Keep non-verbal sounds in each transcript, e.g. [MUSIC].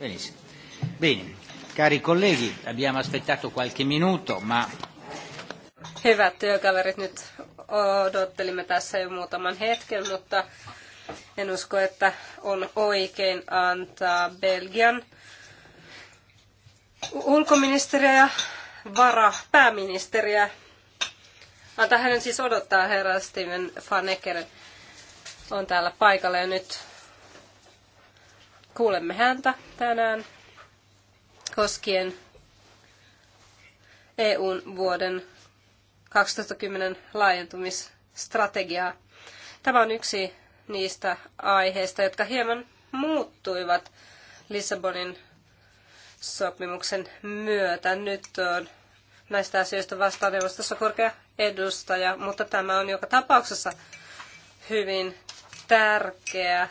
Benissimo. Bene, cari colleghi, abbiamo aspettato qualche minuto, ma... Hyvät työkaverit, nyt odottelimme tässä jo muutaman hetken, mutta en usko, että on oikein antaa Belgian ulkoministeriä ja varapääministeriä. Antaa hänen siis odottaa herra Steven Fanekeren on täällä paikalla ja nyt Kuulemme häntä tänään koskien EUn vuoden 2010 laajentumisstrategiaa. Tämä on yksi niistä aiheista, jotka hieman muuttuivat Lissabonin sopimuksen myötä. Nyt on näistä asioista vastaan neuvostossa korkea edustaja, mutta tämä on joka tapauksessa hyvin tärkeä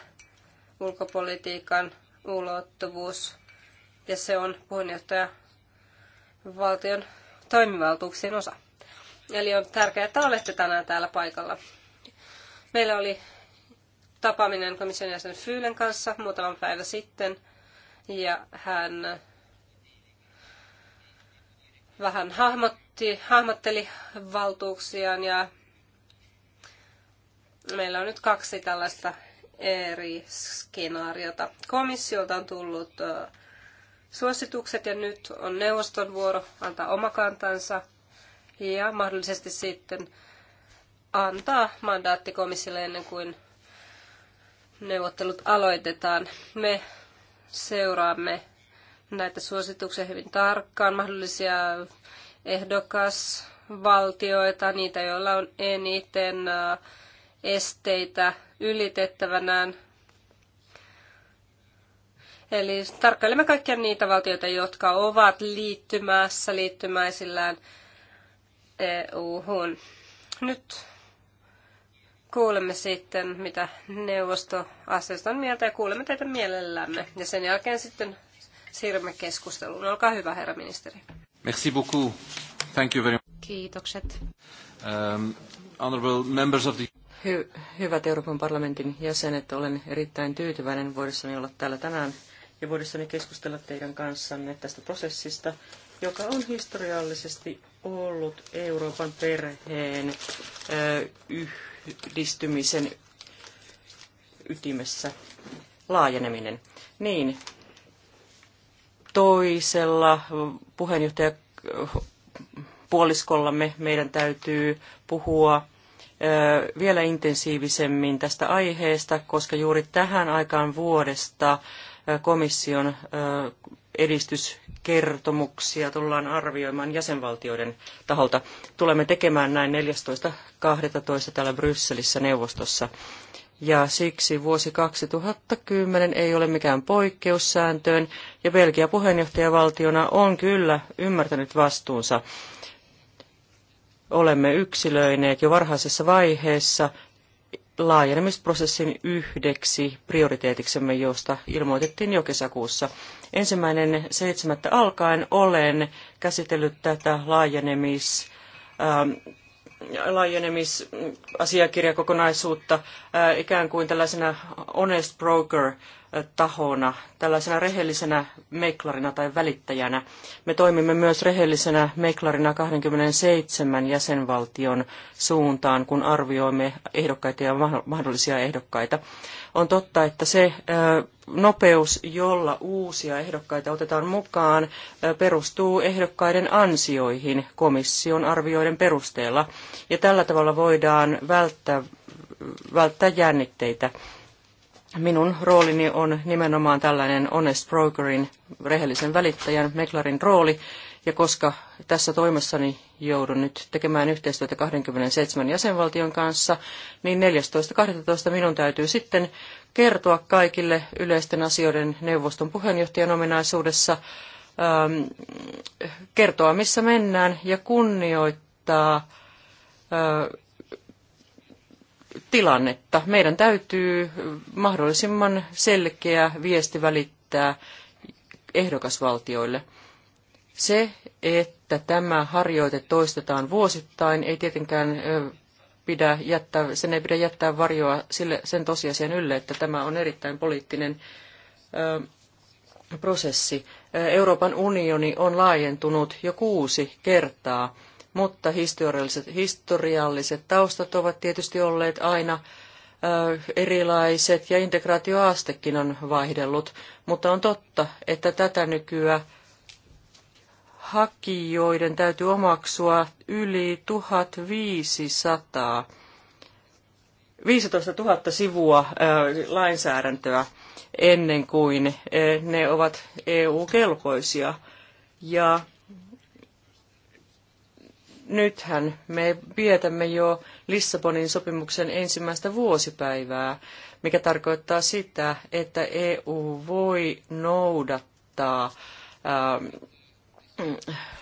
ulkopolitiikan ulottuvuus ja se on puheenjohtaja valtion toimivaltuuksien osa. Eli on tärkeää, että olette tänään täällä paikalla. Meillä oli tapaaminen komission jäsen Fyylen kanssa muutaman päivä sitten ja hän vähän hahmotti, hahmotteli valtuuksiaan ja meillä on nyt kaksi tällaista eri skenaariota. Komissiolta on tullut suositukset ja nyt on neuvoston vuoro antaa oma kantansa ja mahdollisesti sitten antaa mandaatti komissiolle ennen kuin neuvottelut aloitetaan. Me seuraamme näitä suosituksia hyvin tarkkaan, mahdollisia ehdokasvaltioita, niitä joilla on eniten esteitä ylitettävänään. Eli tarkkailemme kaikkia niitä valtioita, jotka ovat liittymässä liittymäisillään EU-hun. Nyt kuulemme sitten, mitä neuvosto asiasta on mieltä ja kuulemme teitä mielellämme. Ja sen jälkeen sitten siirrymme keskusteluun. Olkaa hyvä, herra ministeri. Merci beaucoup. Thank you very much. Kiitokset. Um, honorable members of the... Hy- hyvät Euroopan parlamentin jäsenet, olen erittäin tyytyväinen voidessani olla täällä tänään ja voidessani keskustella teidän kanssanne tästä prosessista, joka on historiallisesti ollut Euroopan perheen ö, yhdistymisen ytimessä laajeneminen. Niin, toisella puheenjohtajapuoliskollamme meidän täytyy puhua vielä intensiivisemmin tästä aiheesta, koska juuri tähän aikaan vuodesta komission edistyskertomuksia tullaan arvioimaan jäsenvaltioiden taholta. Tulemme tekemään näin 14.12. täällä Brysselissä neuvostossa. Ja siksi vuosi 2010 ei ole mikään poikkeussääntöön, ja Belgia puheenjohtajavaltiona on kyllä ymmärtänyt vastuunsa olemme yksilöineet jo varhaisessa vaiheessa laajenemisprosessin yhdeksi prioriteetiksemme, josta ilmoitettiin jo kesäkuussa. Ensimmäinen seitsemättä alkaen olen käsitellyt tätä laajenemis, ää, ähm, laajenemisasiakirjakokonaisuutta ää, äh, ikään kuin tällaisena honest broker tahona, tällaisena rehellisenä meklarina tai välittäjänä. Me toimimme myös rehellisenä meklarina 27 jäsenvaltion suuntaan, kun arvioimme ehdokkaita ja mahdollisia ehdokkaita. On totta, että se nopeus, jolla uusia ehdokkaita otetaan mukaan, perustuu ehdokkaiden ansioihin komission arvioiden perusteella. Ja tällä tavalla voidaan välttää, välttää jännitteitä Minun roolini on nimenomaan tällainen honest brokerin, rehellisen välittäjän, meklarin rooli, ja koska tässä toimessani joudun nyt tekemään yhteistyötä 27 jäsenvaltion kanssa, niin 14.12. minun täytyy sitten kertoa kaikille yleisten asioiden neuvoston puheenjohtajan ominaisuudessa, ähm, kertoa missä mennään ja kunnioittaa äh, tilannetta. Meidän täytyy mahdollisimman selkeä viesti välittää ehdokasvaltioille. Se, että tämä harjoite toistetaan vuosittain, ei tietenkään pidä jättää, sen ei pidä jättää varjoa sille, sen tosiasian ylle, että tämä on erittäin poliittinen ö, prosessi. Euroopan unioni on laajentunut jo kuusi kertaa mutta historialliset, historialliset taustat ovat tietysti olleet aina erilaiset ja integraatioastekin on vaihdellut, mutta on totta, että tätä nykyä hakijoiden täytyy omaksua yli 1500, 15 000 sivua lainsäädäntöä ennen kuin ne ovat EU-kelpoisia. Ja nythän me vietämme jo Lissabonin sopimuksen ensimmäistä vuosipäivää, mikä tarkoittaa sitä, että EU voi noudattaa ää, ähm,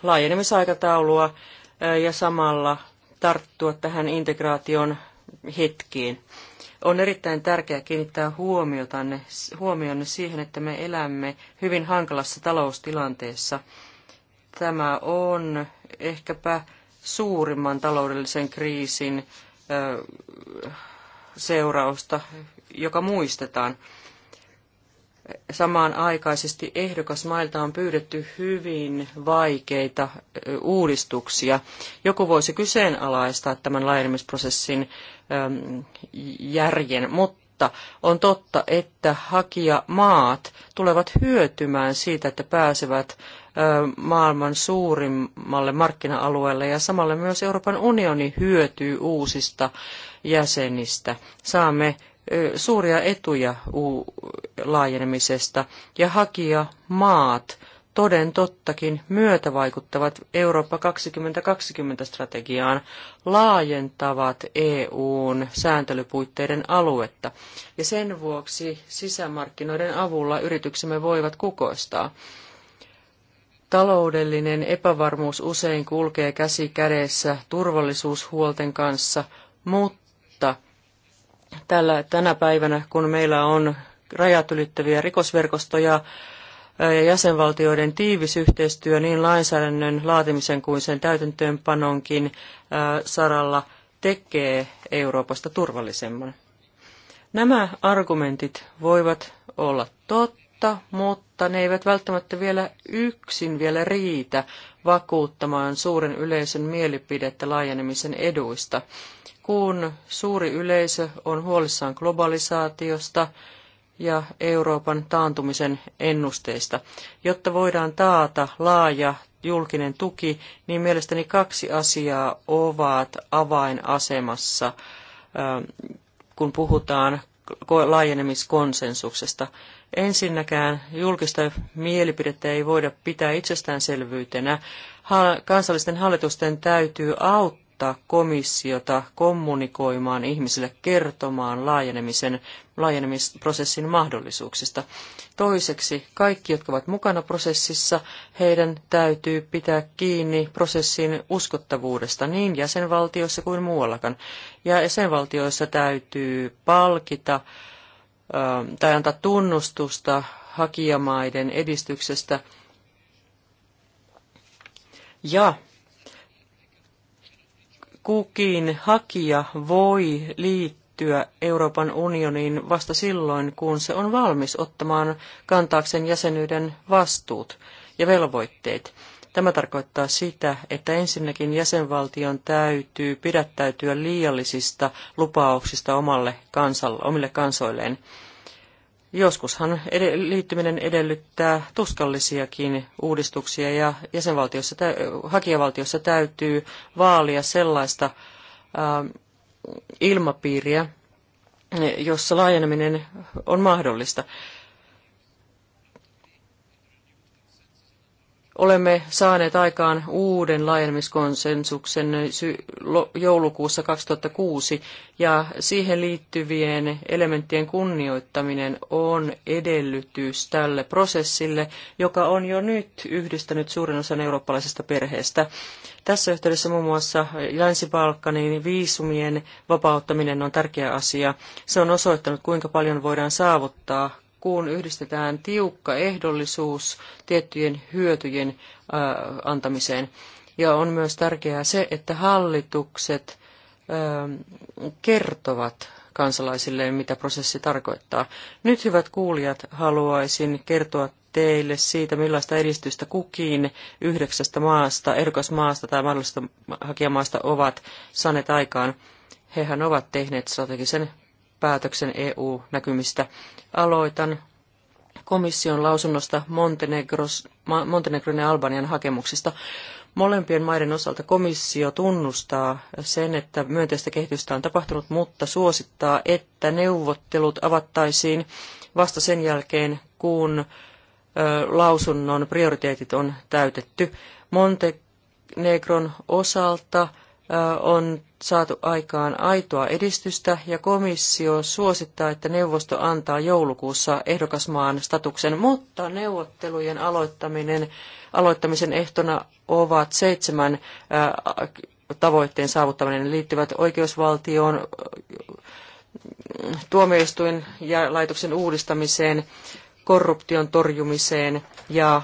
laajenemisaikataulua äh, ja samalla tarttua tähän integraation hetkiin. On erittäin tärkeää kiinnittää huomiotanne, huomionne siihen, että me elämme hyvin hankalassa taloustilanteessa. Tämä on ehkäpä suurimman taloudellisen kriisin seurausta, joka muistetaan. Samaan aikaisesti ehdokasmailta on pyydetty hyvin vaikeita uudistuksia. Joku voisi kyseenalaistaa tämän laajenemisprosessin järjen, mutta mutta on totta, että hakijamaat tulevat hyötymään siitä, että pääsevät maailman suurimmalle markkina-alueelle ja samalla myös Euroopan unioni hyötyy uusista jäsenistä. Saamme suuria etuja laajenemisesta ja hakijamaat maat toden tottakin myötävaikuttavat Eurooppa 2020-strategiaan, laajentavat EUn sääntelypuitteiden aluetta. Ja sen vuoksi sisämarkkinoiden avulla yrityksemme voivat kukoistaa. Taloudellinen epävarmuus usein kulkee käsi kädessä turvallisuushuolten kanssa, mutta tällä, tänä päivänä, kun meillä on rajat ylittäviä rikosverkostoja, ja jäsenvaltioiden tiivis yhteistyö niin lainsäädännön laatimisen kuin sen täytäntöönpanonkin saralla tekee Euroopasta turvallisemman. Nämä argumentit voivat olla totta, mutta ne eivät välttämättä vielä yksin vielä riitä vakuuttamaan suuren yleisön mielipidettä laajenemisen eduista. Kun suuri yleisö on huolissaan globalisaatiosta, ja Euroopan taantumisen ennusteista. Jotta voidaan taata laaja julkinen tuki, niin mielestäni kaksi asiaa ovat avainasemassa, ähm, kun puhutaan laajenemiskonsensuksesta. Ensinnäkään julkista mielipidettä ei voida pitää itsestäänselvyytenä. Kansallisten hallitusten täytyy auttaa velvoittaa komissiota kommunikoimaan ihmisille, kertomaan laajenemisen, laajenemisprosessin mahdollisuuksista. Toiseksi, kaikki, jotka ovat mukana prosessissa, heidän täytyy pitää kiinni prosessin uskottavuudesta niin jäsenvaltioissa kuin muuallakaan. Ja jäsenvaltioissa täytyy palkita ähm, tai antaa tunnustusta hakijamaiden edistyksestä. Ja kukin hakija voi liittyä Euroopan unioniin vasta silloin, kun se on valmis ottamaan kantaakseen jäsenyyden vastuut ja velvoitteet. Tämä tarkoittaa sitä, että ensinnäkin jäsenvaltion täytyy pidättäytyä liiallisista lupauksista omalle omille kansoilleen – Joskushan liittyminen edellyttää tuskallisiakin uudistuksia ja jäsenvaltiossa, hakijavaltiossa täytyy vaalia sellaista ähm, ilmapiiriä, jossa laajeneminen on mahdollista. olemme saaneet aikaan uuden laajenemiskonsensuksen joulukuussa 2006 ja siihen liittyvien elementtien kunnioittaminen on edellytys tälle prosessille, joka on jo nyt yhdistänyt suurin osan eurooppalaisesta perheestä. Tässä yhteydessä muun muassa Länsi-Balkanin viisumien vapauttaminen on tärkeä asia. Se on osoittanut, kuinka paljon voidaan saavuttaa kun yhdistetään tiukka ehdollisuus tiettyjen hyötyjen antamiseen. Ja on myös tärkeää se, että hallitukset kertovat kansalaisille, mitä prosessi tarkoittaa. Nyt, hyvät kuulijat, haluaisin kertoa teille siitä, millaista edistystä kukin yhdeksästä maasta, ehdokasmaasta tai mahdollisesta hakijamaasta ovat saaneet aikaan. Hehän ovat tehneet strategisen päätöksen EU-näkymistä. Aloitan komission lausunnosta Montenegron ja Albanian hakemuksista. Molempien maiden osalta komissio tunnustaa sen, että myönteistä kehitystä on tapahtunut, mutta suosittaa, että neuvottelut avattaisiin vasta sen jälkeen, kun lausunnon prioriteetit on täytetty. Montenegron osalta on saatu aikaan aitoa edistystä ja komissio suosittaa, että neuvosto antaa joulukuussa ehdokasmaan statuksen, mutta neuvottelujen aloittaminen, aloittamisen ehtona ovat seitsemän tavoitteen saavuttaminen liittyvät oikeusvaltioon, tuomioistuin ja laitoksen uudistamiseen, korruption torjumiseen ja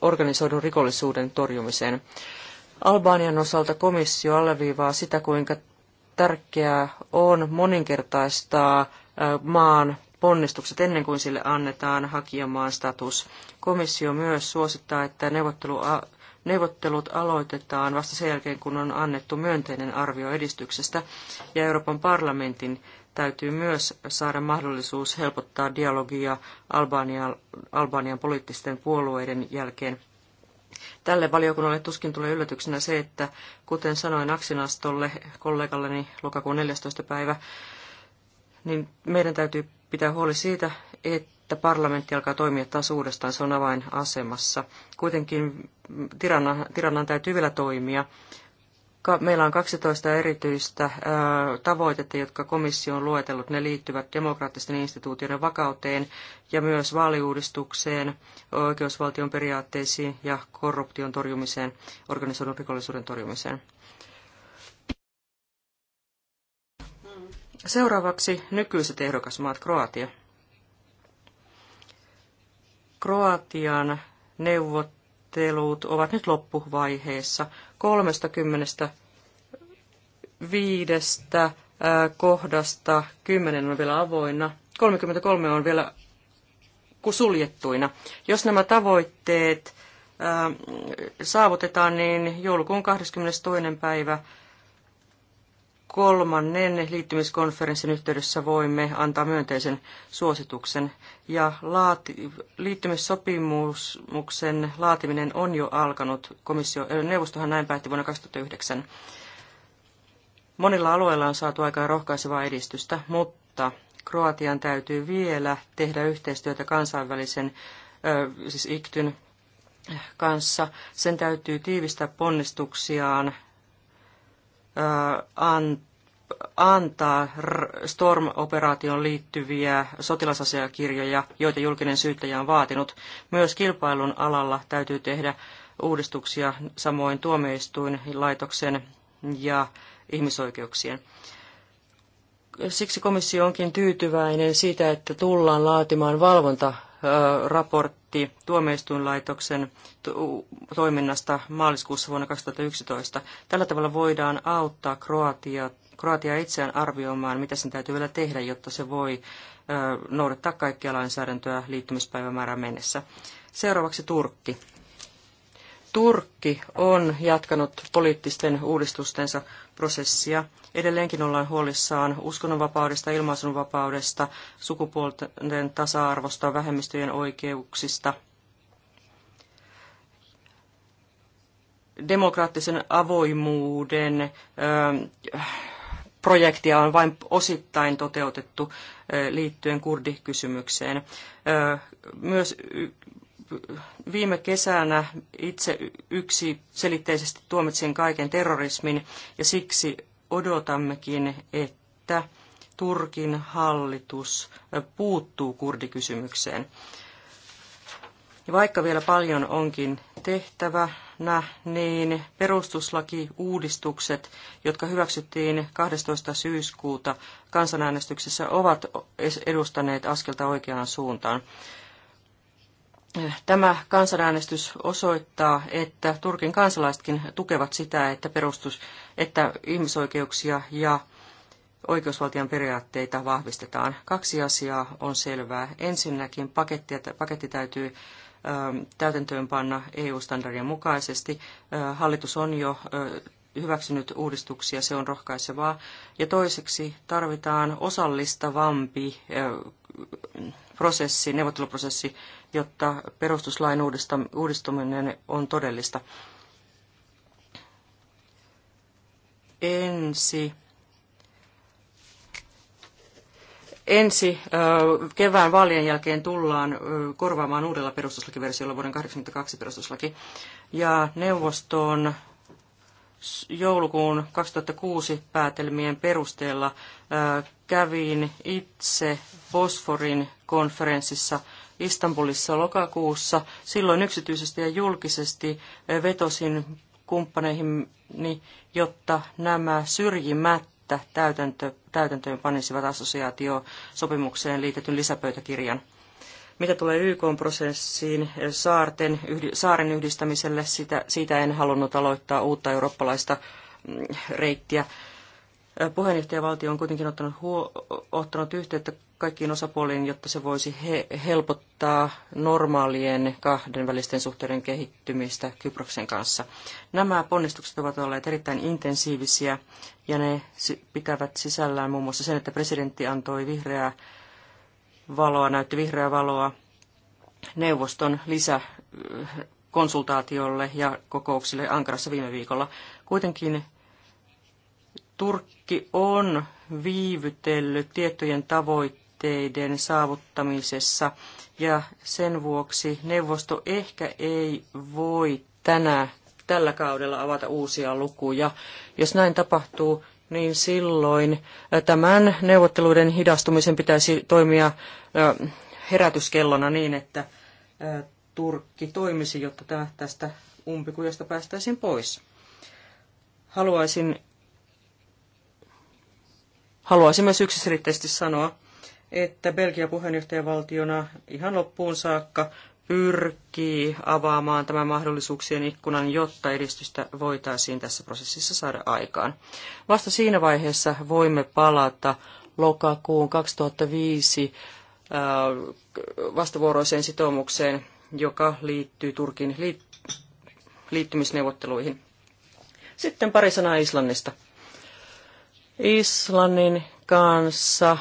organisoidun rikollisuuden torjumiseen. Albanian osalta komissio alleviivaa sitä, kuinka tärkeää on moninkertaistaa maan ponnistukset ennen kuin sille annetaan hakijamaan status. Komissio myös suosittaa, että neuvottelut aloitetaan vasta sen jälkeen, kun on annettu myönteinen arvio edistyksestä, ja Euroopan parlamentin täytyy myös saada mahdollisuus helpottaa dialogia Albanian, Albanian poliittisten puolueiden jälkeen Tälle valiokunnalle tuskin tulee yllätyksenä se, että kuten sanoin Aksinastolle kollegalleni lokakuun 14. päivä, niin meidän täytyy pitää huoli siitä, että parlamentti alkaa toimia taas uudestaan. Se on avainasemassa. Kuitenkin Tirannan, Tirannan täytyy vielä toimia. Meillä on 12 erityistä tavoitetta, jotka komissio on luetellut. Ne liittyvät demokraattisten instituutioiden vakauteen ja myös vaaliuudistukseen, oikeusvaltion periaatteisiin ja korruption torjumiseen, organisoidun rikollisuuden torjumiseen. Seuraavaksi nykyiset ehdokasmaat Kroatia. Kroatian neuvottelut ovat nyt loppuvaiheessa. 30 viidestä kohdasta 10 on vielä avoinna, 33 on vielä suljettuina. Jos nämä tavoitteet saavutetaan, niin joulukuun 22. päivä kolmannen liittymiskonferenssin yhteydessä voimme antaa myönteisen suosituksen. Ja laati, liittymissopimuksen laatiminen on jo alkanut. Komissio, neuvostohan näin päätti vuonna 2009. Monilla alueilla on saatu aikaan rohkaisevaa edistystä, mutta Kroatian täytyy vielä tehdä yhteistyötä kansainvälisen, siis IKTYn kanssa. Sen täytyy tiivistää ponnistuksiaan antaa Storm-operaation liittyviä sotilasasiakirjoja, joita julkinen syyttäjä on vaatinut. Myös kilpailun alalla täytyy tehdä uudistuksia samoin tuomioistuinlaitoksen ja ihmisoikeuksien Siksi komissio onkin tyytyväinen siitä, että tullaan laatimaan valvontaraportti tuomioistuinlaitoksen toiminnasta maaliskuussa vuonna 2011. Tällä tavalla voidaan auttaa Kroatiaa Kroatia itseään arvioimaan, mitä sen täytyy vielä tehdä, jotta se voi noudattaa kaikkia lainsäädäntöä liittymispäivämäärään mennessä. Seuraavaksi Turkki. Turkki on jatkanut poliittisten uudistustensa prosessia. Edelleenkin ollaan huolissaan uskonnonvapaudesta, ilmaisunvapaudesta, sukupuolten tasa-arvosta, vähemmistöjen oikeuksista. Demokraattisen avoimuuden projektia on vain osittain toteutettu liittyen kurdikysymykseen. Myös viime kesänä itse yksi selitteisesti tuomitsin kaiken terrorismin ja siksi odotammekin, että Turkin hallitus puuttuu kurdikysymykseen. Vaikka vielä paljon onkin tehtävänä, niin perustuslakiuudistukset, jotka hyväksyttiin 12. syyskuuta kansanäänestyksessä, ovat edustaneet askelta oikeaan suuntaan. Tämä kansanäänestys osoittaa, että Turkin kansalaisetkin tukevat sitä, että, perustus, että ihmisoikeuksia ja oikeusvaltion periaatteita vahvistetaan. Kaksi asiaa on selvää. Ensinnäkin paketti, paketti täytyy ähm, täytäntöönpanna EU-standardien mukaisesti. Äh, hallitus on jo äh, hyväksynyt uudistuksia, se on rohkaisevaa. Ja toiseksi tarvitaan osallistavampi äh, prosessi, neuvotteluprosessi, jotta perustuslain uudistuminen on todellista. Ensi ensi kevään vaalien jälkeen tullaan korvaamaan uudella perustuslakiversiolla vuoden 1982 perustuslaki. Ja neuvostoon joulukuun 2006 päätelmien perusteella kävin itse Fosforin konferenssissa Istanbulissa lokakuussa. Silloin yksityisesti ja julkisesti eh, vetosin kumppaneihini, jotta nämä syrjimättä täytäntö, täytäntöön panisivat assosiaatiosopimukseen liitetyn lisäpöytäkirjan. Mitä tulee YK-prosessiin eh, saarten, saaren yhdistämiselle, sitä, siitä en halunnut aloittaa uutta eurooppalaista mm, reittiä. Eh, puheenjohtajavaltio on kuitenkin ottanut, huo, ottanut yhteyttä kaikkiin osapuoliin, jotta se voisi he- helpottaa normaalien kahdenvälisten suhteiden kehittymistä Kyproksen kanssa. Nämä ponnistukset ovat olleet erittäin intensiivisiä ja ne pitävät sisällään muun muassa sen, että presidentti antoi vihreää valoa, näytti vihreää valoa neuvoston lisäkonsultaatiolle ja kokouksille Ankarassa viime viikolla. Kuitenkin Turkki on viivytellyt tiettyjen tavoitteiden tavoitteiden saavuttamisessa ja sen vuoksi neuvosto ehkä ei voi tänä, tällä kaudella avata uusia lukuja. Jos näin tapahtuu, niin silloin tämän neuvotteluiden hidastumisen pitäisi toimia herätyskellona niin, että Turkki toimisi, jotta tästä umpikujasta päästäisiin pois. Haluaisin, haluaisin myös yksiselitteisesti sanoa, että Belgia puheenjohtajavaltiona ihan loppuun saakka pyrkii avaamaan tämän mahdollisuuksien ikkunan, jotta edistystä voitaisiin tässä prosessissa saada aikaan. Vasta siinä vaiheessa voimme palata lokakuun 2005 äh, vastavuoroiseen sitoumukseen, joka liittyy Turkin liittymisneuvotteluihin. Sitten pari sanaa Islannista. Islannin kanssa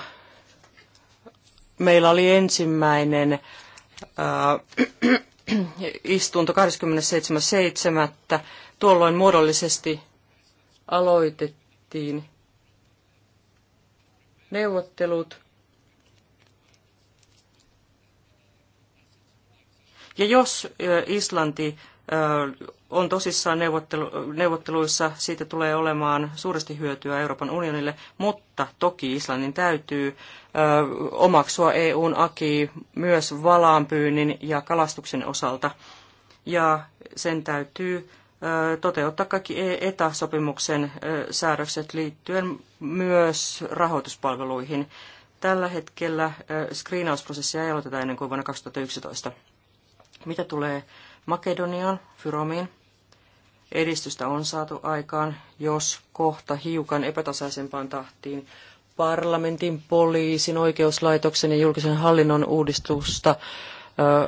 meillä oli ensimmäinen äh, [CLEARS THROAT] istunto 27.7. Tuolloin muodollisesti aloitettiin neuvottelut. Ja jos äh, Islanti äh, on tosissaan neuvottelu, neuvotteluissa, siitä tulee olemaan suuresti hyötyä Euroopan unionille, mutta toki Islannin täytyy ö, omaksua EUn aki myös valaanpyynnin ja kalastuksen osalta. Ja sen täytyy ö, toteuttaa kaikki e- etäsopimuksen ö, säädökset liittyen myös rahoituspalveluihin. Tällä hetkellä screenausprosessia ei aloiteta ennen kuin vuonna 2011. Mitä tulee Makedoniaan, Fyromiin, Edistystä on saatu aikaan, jos kohta hiukan epätasaisempaan tahtiin parlamentin, poliisin, oikeuslaitoksen ja julkisen hallinnon uudistusta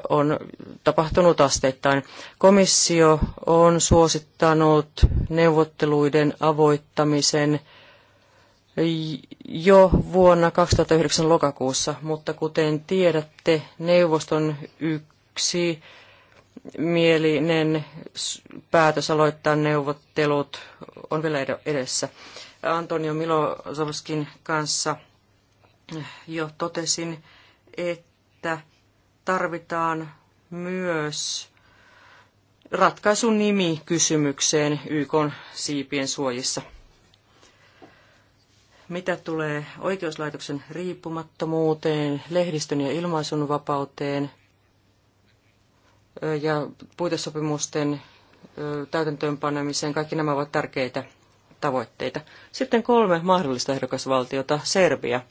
on tapahtunut asteittain. Komissio on suosittanut neuvotteluiden avoittamisen jo vuonna 2009 lokakuussa, mutta kuten tiedätte, neuvoston yksi yksimielinen päätös aloittaa neuvottelut on vielä edessä. Antonio Milozovskin kanssa jo totesin, että tarvitaan myös ratkaisun nimi kysymykseen YK siipien suojissa. Mitä tulee oikeuslaitoksen riippumattomuuteen, lehdistön ja ilmaisun vapauteen, ja puitesopimusten täytäntöönpanemiseen. Kaikki nämä ovat tärkeitä tavoitteita. Sitten kolme mahdollista ehdokasvaltiota, Serbia.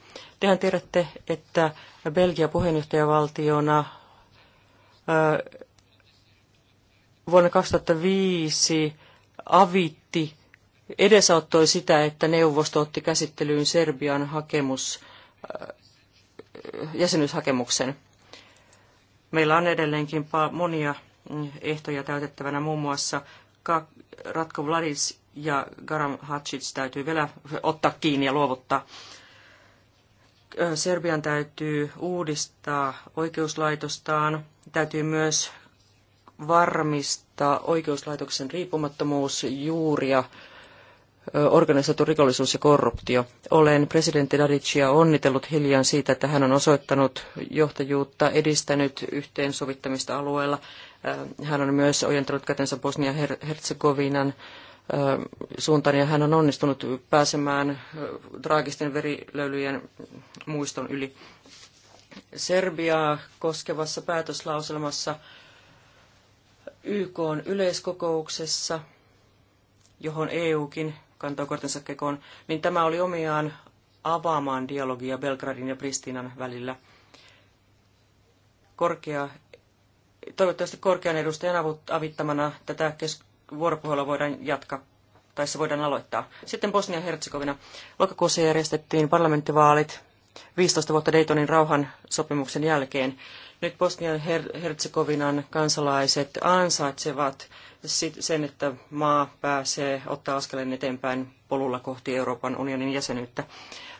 Tehän tiedätte, että Belgia puheenjohtajavaltiona vuonna 2005 avitti edesauttoi sitä, että neuvosto otti käsittelyyn Serbian hakemus, jäsenyyshakemuksen. Meillä on edelleenkin monia mm, ehtoja täytettävänä, muun muassa Ratko Vladis ja Garam Hatsits täytyy vielä ottaa kiinni ja luovuttaa. Serbian täytyy uudistaa oikeuslaitostaan, täytyy myös varmistaa oikeuslaitoksen riippumattomuus juuria organisoitu rikollisuus ja korruptio. Olen presidentti Dadicia onnitellut hiljan siitä, että hän on osoittanut johtajuutta, edistänyt yhteensovittamista alueella. Hän on myös ojentanut kätensä Bosnia-Herzegovinan suuntaan ja hän on onnistunut pääsemään traagisten verilöylyjen muiston yli. Serbiaa koskevassa päätöslauselmassa YK yleiskokouksessa, johon EUkin kantoi kortensa kekoon, niin tämä oli omiaan avaamaan dialogia Belgradin ja Pristinan välillä. Korkea, toivottavasti korkean edustajan avittamana tätä kes- vuoropuhelua voidaan jatkaa tai se voidaan aloittaa. Sitten Bosnia-Herzegovina. Lokakuussa järjestettiin parlamenttivaalit 15 vuotta Daytonin rauhan sopimuksen jälkeen. Nyt Bosnian Herzegovinan kansalaiset ansaitsevat sen, että maa pääsee ottaa askeleen eteenpäin polulla kohti Euroopan unionin jäsenyyttä.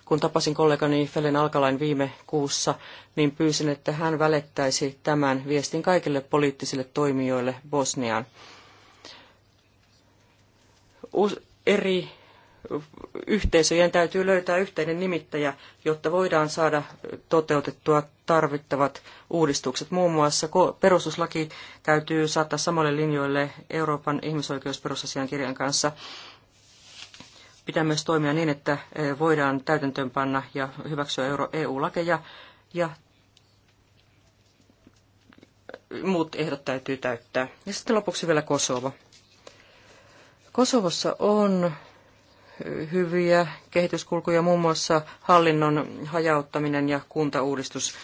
Kun tapasin kollegani Felen Alkalain viime kuussa, niin pyysin, että hän välittäisi tämän viestin kaikille poliittisille toimijoille Bosniaan. eri yhteisöjen täytyy löytää yhteinen nimittäjä, jotta voidaan saada toteutettua tarvittavat uudistukset. Muun muassa perustuslaki täytyy saattaa samalle linjoille Euroopan ihmisoikeusperusasiankirjan kanssa. Pitää myös toimia niin, että e, voidaan täytäntöönpanna ja hyväksyä EU-lakeja e ja muut ehdot täytyy täyttää. Ja sitten lopuksi vielä Kosovo. Kosovossa on hyviä kehityskulkuja, muun muassa hallinnon hajauttaminen ja kuntauudistus.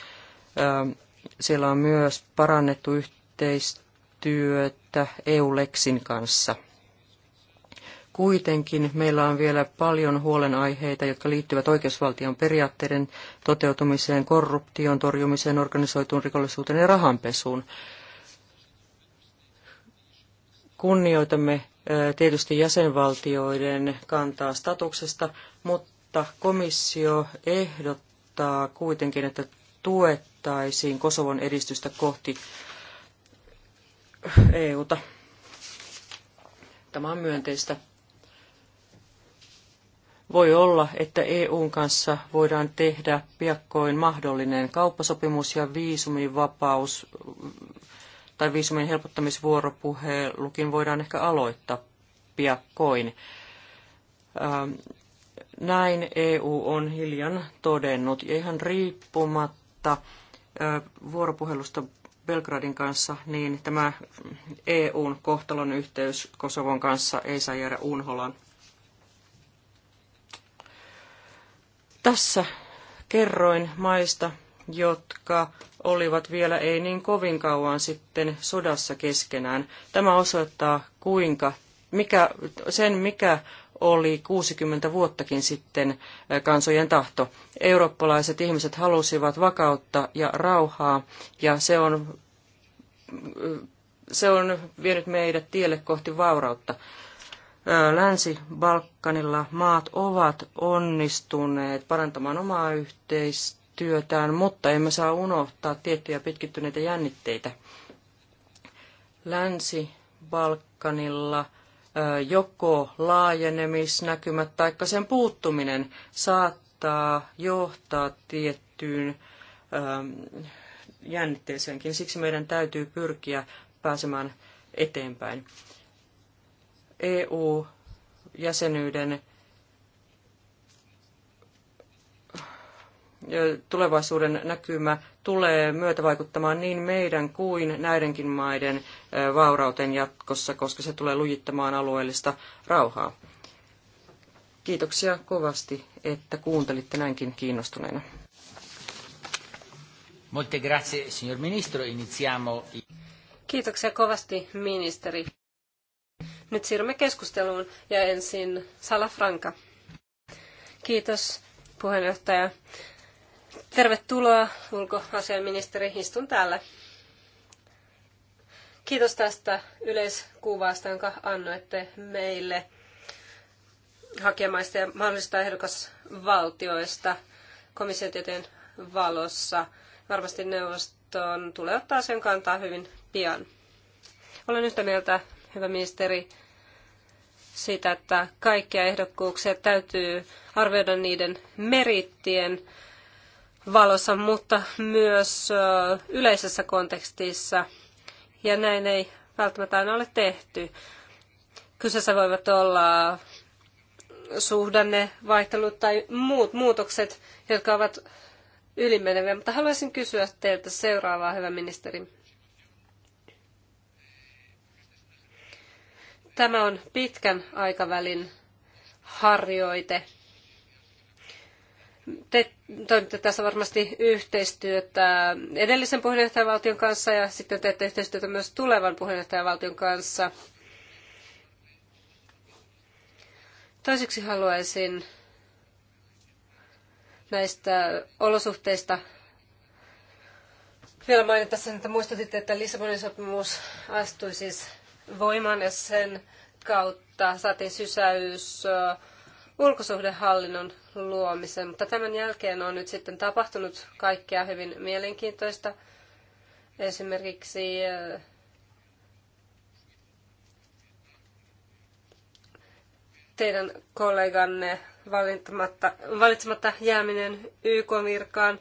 Siellä on myös parannettu yhteistyötä EU-Lexin kanssa. Kuitenkin meillä on vielä paljon huolenaiheita, jotka liittyvät oikeusvaltion periaatteiden toteutumiseen, korruption torjumiseen, organisoituun rikollisuuteen ja rahanpesuun. Kunnioitamme tietysti jäsenvaltioiden kantaa statuksesta, mutta komissio ehdottaa kuitenkin, että tuettaisiin Kosovon edistystä kohti EUta. Tämä on myönteistä. Voi olla, että EUn kanssa voidaan tehdä piakkoin mahdollinen kauppasopimus ja viisumivapaus tai viisumin helpottamisvuoropuhelukin voidaan ehkä aloittaa piakkoin. Ähm, näin EU on hiljan todennut ja ihan riippumatta äh, vuoropuhelusta Belgradin kanssa, niin tämä EUn kohtalon yhteys Kosovon kanssa ei saa jäädä unholaan. Tässä kerroin maista, jotka olivat vielä ei niin kovin kauan sitten sodassa keskenään. Tämä osoittaa, kuinka, mikä, sen mikä oli 60 vuottakin sitten kansojen tahto. Eurooppalaiset ihmiset halusivat vakautta ja rauhaa, ja se on, se on vienyt meidät tielle kohti vaurautta. Länsi-Balkanilla maat ovat onnistuneet parantamaan omaa yhteistyötä työtään, mutta emme saa unohtaa tiettyjä pitkittyneitä jännitteitä. Länsi-Balkanilla joko laajenemisnäkymät tai sen puuttuminen saattaa johtaa tiettyyn jännitteeseenkin. Siksi meidän täytyy pyrkiä pääsemään eteenpäin. EU-jäsenyyden tulevaisuuden näkymä tulee myötävaikuttamaan niin meidän kuin näidenkin maiden vaurauteen jatkossa, koska se tulee lujittamaan alueellista rauhaa. Kiitoksia kovasti, että kuuntelitte näinkin kiinnostuneena. Molte grazie, signor ministro. Iniziamo... Kiitoksia kovasti, ministeri. Nyt siirrymme keskusteluun ja ensin Salafranca. Kiitos puheenjohtaja. Tervetuloa ulkoasiaministeri, istun täällä. Kiitos tästä yleiskuvasta, jonka annoitte meille hakemaista ja mahdollisista ehdokasvaltioista komissiotietojen valossa. Varmasti neuvoston tulee ottaa sen kantaa hyvin pian. Olen yhtä mieltä, hyvä ministeri, siitä, että kaikkia ehdokkuuksia täytyy arvioida niiden merittien valossa, mutta myös yleisessä kontekstissa. Ja näin ei välttämättä aina ole tehty. Kyseessä voivat olla suhdannevaihtelut tai muut muutokset, jotka ovat ylimeneviä. Mutta haluaisin kysyä teiltä seuraavaa, hyvä ministeri. Tämä on pitkän aikavälin harjoite. Te toimitte tässä varmasti yhteistyötä edellisen puheenjohtajavaltion kanssa ja sitten teette yhteistyötä myös tulevan puheenjohtajavaltion kanssa. Toiseksi haluaisin näistä olosuhteista vielä mainita sen, että muistutitte, että Lissabonin sopimus astui siis voimaan ja sen kautta saatiin sysäys ulkosuhdehallinnon luomisen, mutta tämän jälkeen on nyt sitten tapahtunut kaikkea hyvin mielenkiintoista. Esimerkiksi eh, teidän kolleganne valitsematta, valitsematta jääminen YK-virkaan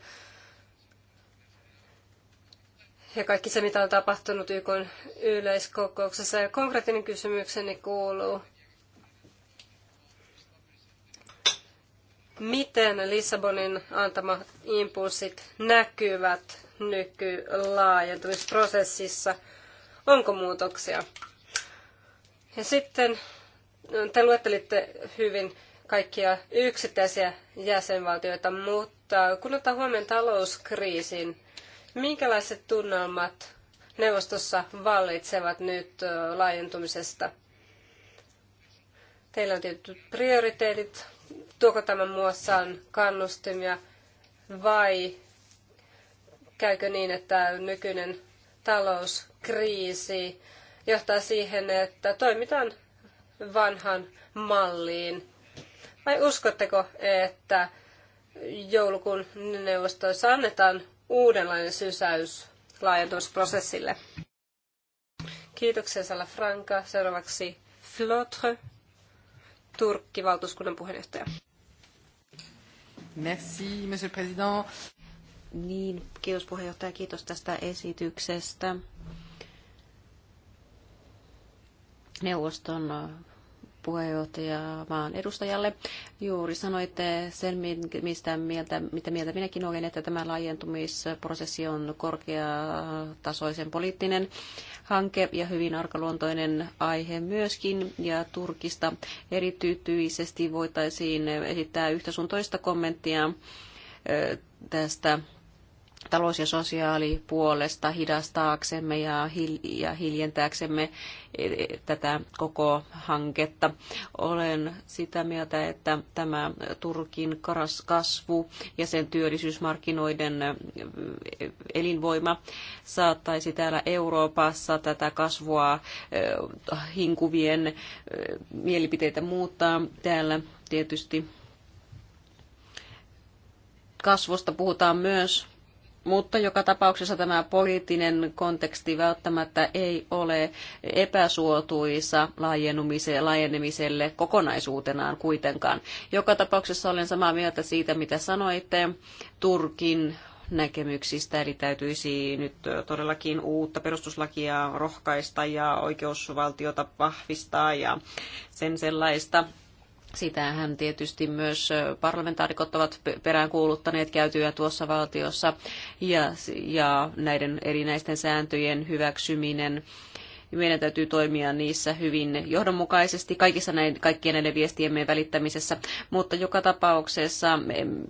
ja kaikki se, mitä on tapahtunut YK yleiskokouksessa. Ja konkreettinen kysymykseni kuuluu, miten Lissabonin antama impulssit näkyvät nykylaajentumisprosessissa? Onko muutoksia? Ja sitten te luettelitte hyvin kaikkia yksittäisiä jäsenvaltioita, mutta kun ottaa huomioon talouskriisin, minkälaiset tunnelmat neuvostossa vallitsevat nyt laajentumisesta? Teillä on tietyt prioriteetit, tuoko tämä muassaan kannustimia vai käykö niin, että nykyinen talouskriisi johtaa siihen, että toimitaan vanhan malliin? Vai uskotteko, että joulukuun neuvostoissa annetaan uudenlainen sysäys laajentumisprosessille? Kiitoksia Sala Franka. Seuraavaksi Flotre, Turkki-valtuuskunnan puheenjohtaja. Merci, monsieur le président. Niin, kiitos puheenjohtaja, kiitos tästä esityksestä. Neuvoston puheenjohtaja maan edustajalle. Juuri sanoitte sen, mistä mieltä, mitä mieltä minäkin olen, että tämä laajentumisprosessi on korkeatasoisen poliittinen hanke ja hyvin arkaluontoinen aihe myöskin. Ja Turkista erityisesti voitaisiin esittää yhtä sun toista kommenttia tästä talous- ja sosiaalipuolesta hidastaaksemme ja, hil- ja hiljentääksemme e, e, tätä koko hanketta. Olen sitä mieltä, että tämä Turkin kasvu ja sen työllisyysmarkkinoiden e, elinvoima saattaisi täällä Euroopassa tätä kasvua hinkuvien mielipiteitä muuttaa. Täällä tietysti kasvusta puhutaan myös mutta joka tapauksessa tämä poliittinen konteksti välttämättä ei ole epäsuotuisa laajenemiselle kokonaisuutenaan kuitenkaan. Joka tapauksessa olen samaa mieltä siitä, mitä sanoitte Turkin näkemyksistä, eli täytyisi nyt todellakin uutta perustuslakia rohkaista ja oikeusvaltiota vahvistaa ja sen sellaista Sitähän tietysti myös parlamentaarikot ovat peräänkuuluttaneet käytyä tuossa valtiossa ja, ja näiden erinäisten sääntöjen hyväksyminen ja niin meidän täytyy toimia niissä hyvin johdonmukaisesti kaikissa näin, kaikkien näiden viestiemme välittämisessä. Mutta joka tapauksessa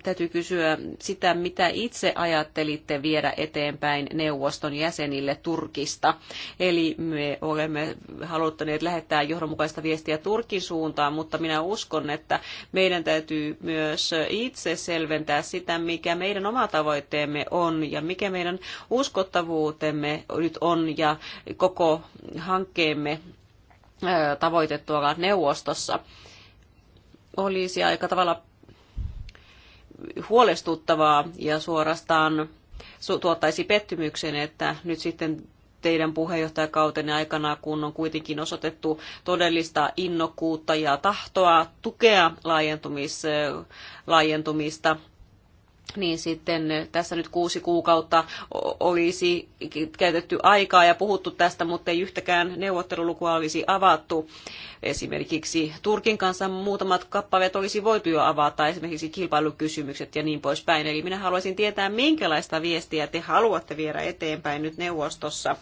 täytyy kysyä sitä, mitä itse ajattelitte viedä eteenpäin neuvoston jäsenille Turkista. Eli me olemme haluttaneet lähettää johdonmukaista viestiä Turkin suuntaan, mutta minä uskon, että meidän täytyy myös itse selventää sitä, mikä meidän oma tavoitteemme on ja mikä meidän uskottavuutemme nyt on ja koko hankkeemme tavoite tuolla neuvostossa. Olisi aika tavalla huolestuttavaa ja suorastaan tuottaisi pettymyksen, että nyt sitten teidän puheenjohtajakautenne aikana, kun on kuitenkin osoitettu todellista innokkuutta ja tahtoa tukea laajentumista niin sitten tässä nyt kuusi kuukautta olisi käytetty aikaa ja puhuttu tästä, mutta ei yhtäkään neuvottelulukua olisi avattu. Esimerkiksi Turkin kanssa muutamat kappaleet olisi voitu jo avata, esimerkiksi kilpailukysymykset ja niin poispäin. Eli minä haluaisin tietää, minkälaista viestiä te haluatte viedä eteenpäin nyt neuvostossa,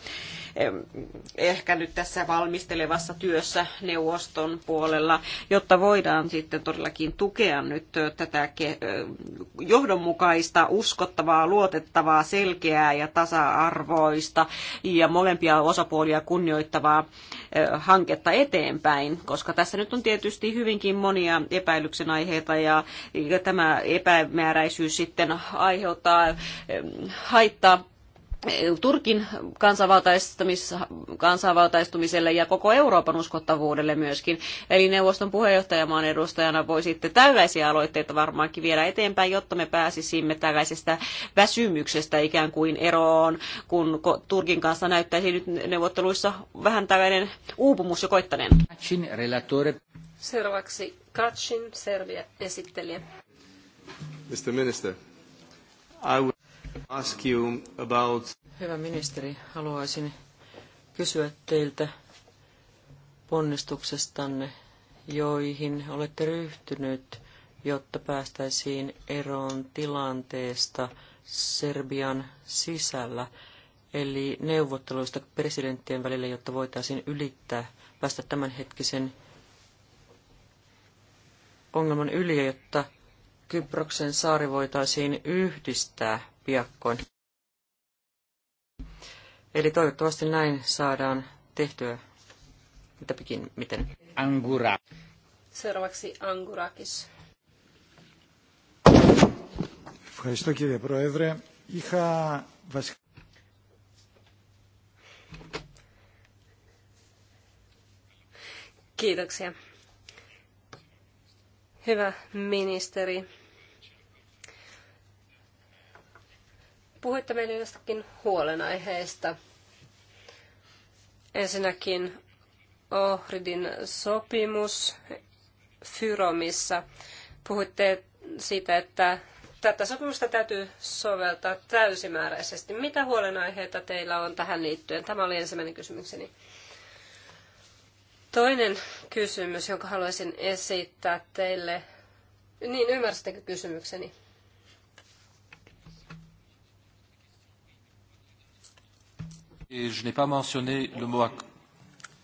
ehkä nyt tässä valmistelevassa työssä neuvoston puolella, jotta voidaan sitten todellakin tukea nyt tätä johdonmukaisuutta johdonmukaista, uskottavaa, luotettavaa, selkeää ja tasa-arvoista ja molempia osapuolia kunnioittavaa hanketta eteenpäin, koska tässä nyt on tietysti hyvinkin monia epäilyksen aiheita ja tämä epämääräisyys sitten aiheuttaa haittaa Turkin kansanvaltaistumiselle ja koko Euroopan uskottavuudelle myöskin. Eli neuvoston puheenjohtajamaan edustajana voi sitten tällaisia aloitteita varmaankin viedä eteenpäin, jotta me pääsisimme tällaisesta väsymyksestä ikään kuin eroon, kun Turkin kanssa näyttäisi nyt neuvotteluissa vähän tällainen uupumus jo koittaneen. Seuraavaksi Serbia esittelijä. Mr. Minister, I would... Ask you about... Hyvä ministeri, haluaisin kysyä teiltä ponnistuksestanne, joihin olette ryhtynyt, jotta päästäisiin eroon tilanteesta Serbian sisällä, eli neuvotteluista presidenttien välillä, jotta voitaisiin ylittää, päästä tämänhetkisen ongelman yli, jotta Kyproksen saari voitaisiin yhdistää piakkoin. Eli toivottavasti näin saadaan tehtyä mitä pikin miten. Angura. Seuraavaksi Angurakis. Ευχαριστώ κύριε Πρόεδρε. Είχα βασικά... Kiitoksia. Hyvä ministeri, Puhuitte meille jostakin huolenaiheesta. Ensinnäkin Ohridin sopimus Fyromissa. Puhuitte siitä, että tätä sopimusta täytyy soveltaa täysimääräisesti. Mitä huolenaiheita teillä on tähän liittyen? Tämä oli ensimmäinen kysymykseni. Toinen kysymys, jonka haluaisin esittää teille. Niin, ymmärsittekö kysymykseni?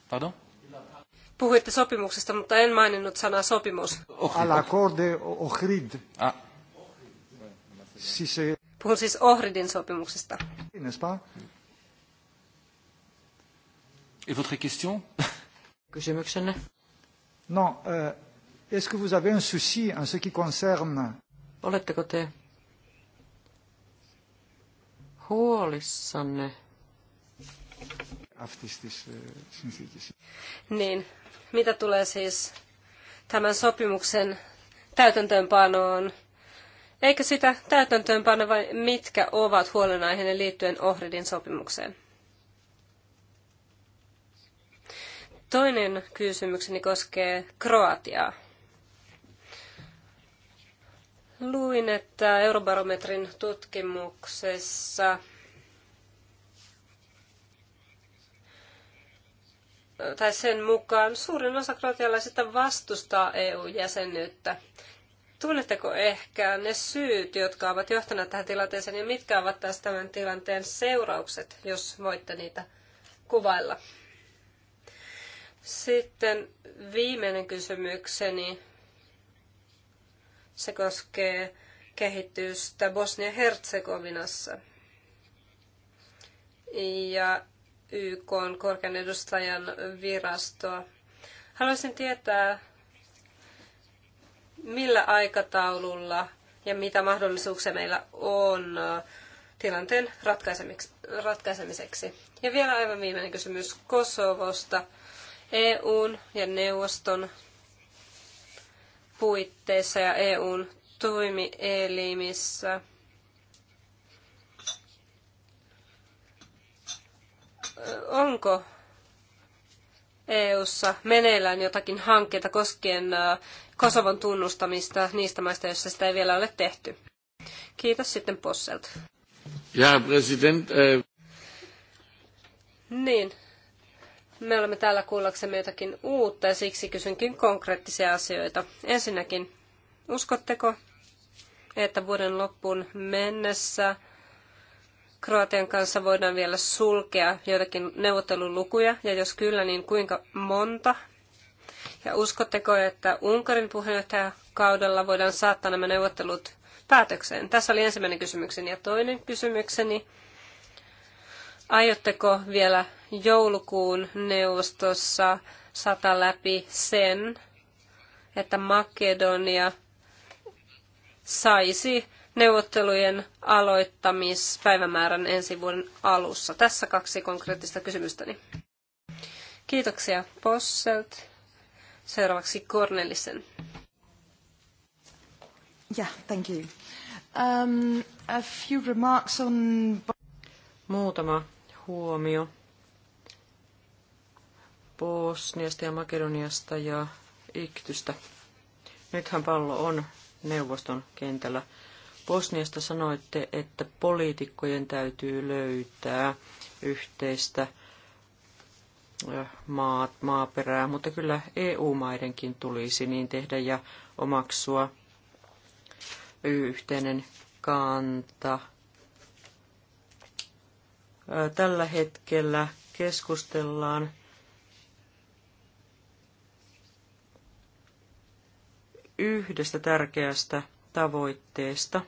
Pardon? Puhuitte sopimuksesta, mutta en maininnut sanaa sopimus. Alakorde Ohrid. Ah. Siis, Puhun siis Ohridin sopimuksesta. Et votre question? Kysymyksenne? Non, euh, est-ce que vous avez un souci en ce qui concerne... Oletteko te huolissanne niin, mitä tulee siis tämän sopimuksen täytäntöönpanoon? Eikö sitä täytäntöönpano vai mitkä ovat huolenaiheinen liittyen Ohridin sopimukseen? Toinen kysymykseni koskee Kroatiaa. Luin, että Eurobarometrin tutkimuksessa tai sen mukaan suurin osa kroatialaisista vastustaa EU-jäsenyyttä. Tunnetteko ehkä ne syyt, jotka ovat johtaneet tähän tilanteeseen ja mitkä ovat taas tämän tilanteen seuraukset, jos voitte niitä kuvailla? Sitten viimeinen kysymykseni. Se koskee kehitystä Bosnia-Herzegovinassa. Ja YK korkean edustajan virastoa. Haluaisin tietää, millä aikataululla ja mitä mahdollisuuksia meillä on tilanteen ratkaisemiseksi. Ja vielä aivan viimeinen kysymys Kosovosta. EUn ja neuvoston puitteissa ja EUn toimielimissä – onko EU:ssa meneillään jotakin hankkeita koskien äh, Kosovon tunnustamista niistä maista, joissa sitä ei vielä ole tehty. Kiitos sitten Posselt. Ja, president. Äh... Niin. Me olemme täällä kuullaksemme jotakin uutta ja siksi kysynkin konkreettisia asioita. Ensinnäkin, uskotteko, että vuoden loppuun mennessä Kroatian kanssa voidaan vielä sulkea joitakin neuvottelulukuja, ja jos kyllä, niin kuinka monta? Ja uskotteko, että Unkarin puheenjohtajakaudella voidaan saattaa nämä neuvottelut päätökseen? Tässä oli ensimmäinen kysymykseni. Ja toinen kysymykseni, aiotteko vielä joulukuun neuvostossa sata läpi sen, että Makedonia saisi neuvottelujen aloittamispäivämäärän ensi vuoden alussa. Tässä kaksi konkreettista kysymystäni. Kiitoksia Posselt. Seuraavaksi Cornelissen. Yeah, thank you. Um, a few remarks on... Muutama huomio Bosniasta ja Makedoniasta ja Iktystä. Nythän pallo on neuvoston kentällä. Bosniasta sanoitte, että poliitikkojen täytyy löytää yhteistä maat, maaperää, mutta kyllä EU-maidenkin tulisi niin tehdä ja omaksua yhteinen kanta. Tällä hetkellä keskustellaan yhdestä tärkeästä tavoitteesta.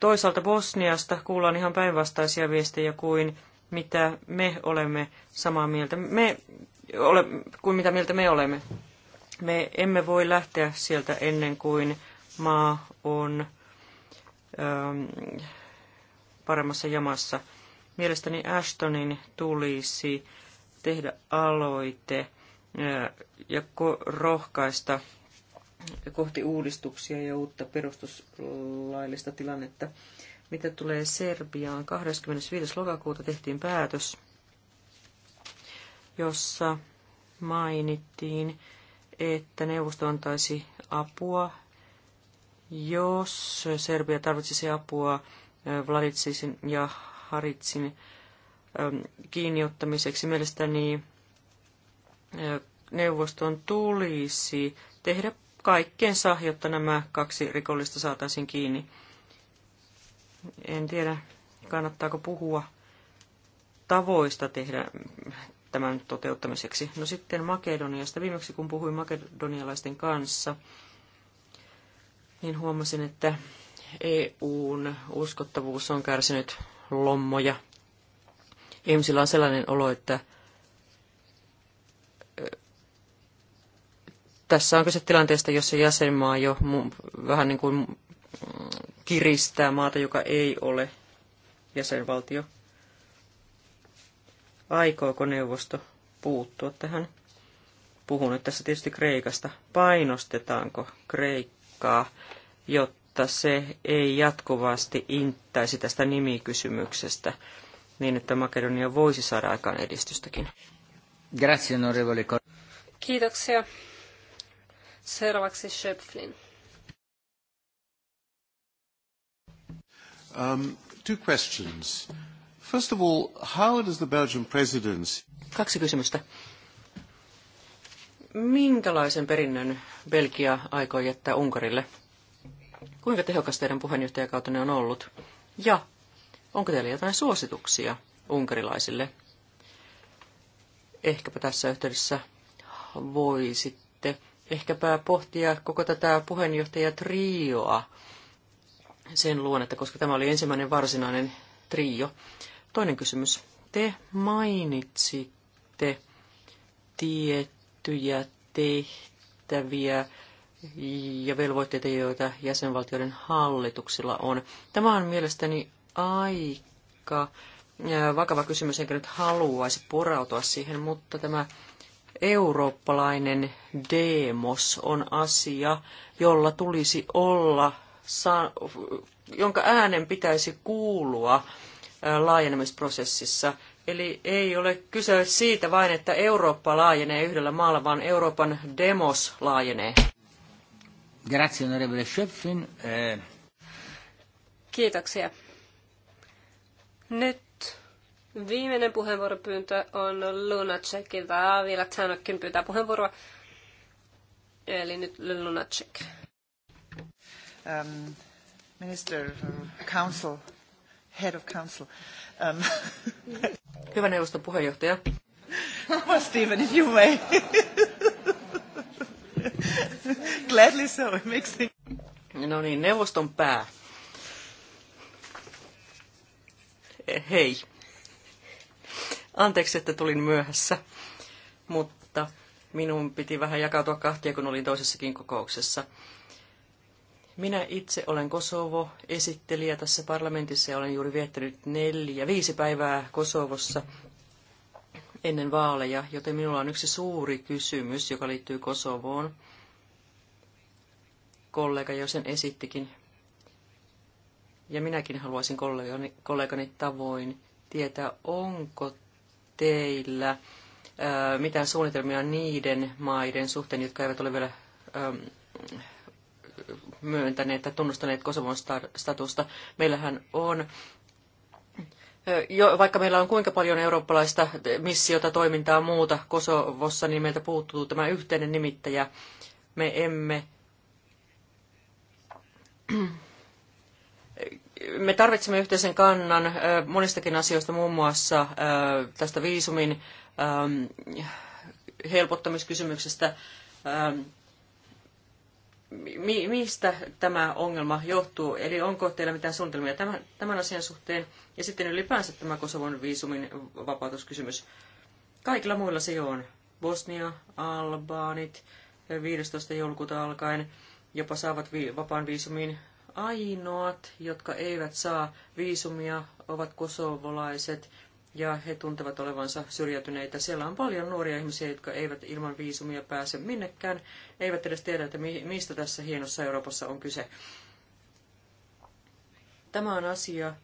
Toisaalta Bosniasta kuullaan ihan päinvastaisia viestejä kuin mitä me olemme samaa mieltä me ole, kuin mitä mieltä me olemme. Me emme voi lähteä sieltä ennen kuin maa on ähm, paremmassa jamassa. Mielestäni Ashtonin tulisi tehdä aloite ja rohkaista kohti uudistuksia ja uutta perustuslaillista tilannetta. Mitä tulee Serbiaan, 25. lokakuuta tehtiin päätös, jossa mainittiin, että neuvosto antaisi apua, jos Serbia tarvitsisi apua Vladitsisin ja Haritsin kiinniottamiseksi. Mielestäni neuvoston tulisi tehdä kaikkeensa, jotta nämä kaksi rikollista saataisiin kiinni. En tiedä, kannattaako puhua tavoista tehdä tämän toteuttamiseksi. No sitten Makedoniasta. Viimeksi kun puhuin makedonialaisten kanssa, niin huomasin, että EUn uskottavuus on kärsinyt lommoja – ihmisillä on sellainen olo, että tässä on kyse tilanteesta, jossa jäsenmaa jo vähän niin kuin mm, kiristää maata, joka ei ole jäsenvaltio. Aikooko neuvosto puuttua tähän? Puhun nyt tässä tietysti Kreikasta. Painostetaanko Kreikkaa, jotta se ei jatkuvasti inttäisi tästä nimikysymyksestä? niin että Makedonia voisi saada aikaan edistystäkin. Grazie, onorevole. Kiitoksia. Seuraavaksi Schöpflin. Um, two questions. First of all, how does the Belgian presidency... Kaksi kysymystä. Minkälaisen perinnön Belgia aikoo jättää Unkarille? Kuinka tehokas teidän puheenjohtajakautenne on ollut? Ja Onko teillä jotain suosituksia unkarilaisille? Ehkäpä tässä yhteydessä voisitte ehkäpä pohtia koko tätä puheenjohtajatrioa sen että koska tämä oli ensimmäinen varsinainen trio. Toinen kysymys. Te mainitsitte tiettyjä tehtäviä ja velvoitteita, joita jäsenvaltioiden hallituksilla on. Tämä on mielestäni aika vakava kysymys, enkä nyt haluaisi porautua siihen, mutta tämä eurooppalainen demos on asia, jolla tulisi olla, jonka äänen pitäisi kuulua laajenemisprosessissa. Eli ei ole kyse siitä vain, että Eurooppa laajenee yhdellä maalla, vaan Euroopan demos laajenee. Grazie, onorevole Schöpfin. Eh. Kiitoksia. Nyt viimeinen puheenvuoropyyntö on Lunacekilta. Vielä Tanokkin pyytää puheenvuoroa. Eli nyt Lunacek. Um, minister, uh, council, head of council. Um. [LAUGHS] Hyvä neuvoston puheenjohtaja. [LAUGHS] well, Stephen, if you may. [LAUGHS] Gladly so. It makes me... No niin, neuvoston pää. hei. Anteeksi, että tulin myöhässä, mutta minun piti vähän jakautua kahtia, kun olin toisessakin kokouksessa. Minä itse olen Kosovo-esittelijä tässä parlamentissa ja olen juuri viettänyt neljä, viisi päivää Kosovossa ennen vaaleja, joten minulla on yksi suuri kysymys, joka liittyy Kosovoon. Kollega jo sen esittikin ja minäkin haluaisin kollegani, kollegani tavoin tietää, onko teillä ää, mitään suunnitelmia niiden maiden suhteen, jotka eivät ole vielä ää, myöntäneet tai tunnustaneet Kosovon statusta. Meillähän on jo, vaikka meillä on kuinka paljon eurooppalaista missiota, toimintaa muuta Kosovossa, niin meiltä puuttuu tämä yhteinen nimittäjä. Me emme me tarvitsemme yhteisen kannan monistakin asioista, muun muassa tästä viisumin ähm, helpottamiskysymyksestä. Ähm, mistä tämä ongelma johtuu? Eli onko teillä mitään suunnitelmia tämän, tämän asian suhteen? Ja sitten ylipäänsä tämä Kosovon viisumin vapautuskysymys. Kaikilla muilla se jo on. Bosnia, Albaanit, 15. joulukuuta alkaen jopa saavat vi- vapaan viisumin Ainoat, jotka eivät saa viisumia, ovat kosovolaiset ja he tuntevat olevansa syrjäytyneitä. Siellä on paljon nuoria ihmisiä, jotka eivät ilman viisumia pääse minnekään, eivät edes tiedä, että mistä tässä hienossa Euroopassa on kyse. Tämä on asia,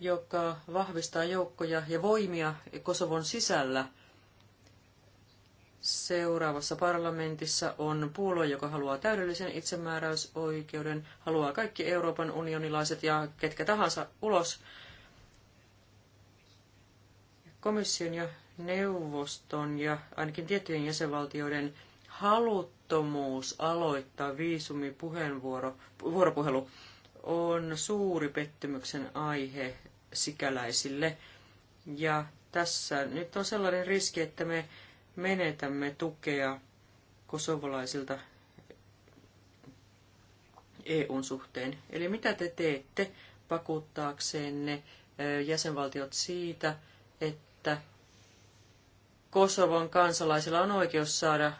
joka vahvistaa joukkoja ja voimia Kosovon sisällä – Seuraavassa parlamentissa on puolue, joka haluaa täydellisen itsemääräysoikeuden, haluaa kaikki Euroopan unionilaiset ja ketkä tahansa ulos. Komission ja neuvoston ja ainakin tiettyjen jäsenvaltioiden haluttomuus aloittaa viisumipuheenvuoropuhelu on suuri pettymyksen aihe sikäläisille. Ja tässä nyt on sellainen riski, että me menetämme tukea kosovolaisilta EUn suhteen. Eli mitä te teette vakuuttaaksenne jäsenvaltiot siitä, että Kosovon kansalaisilla on oikeus saada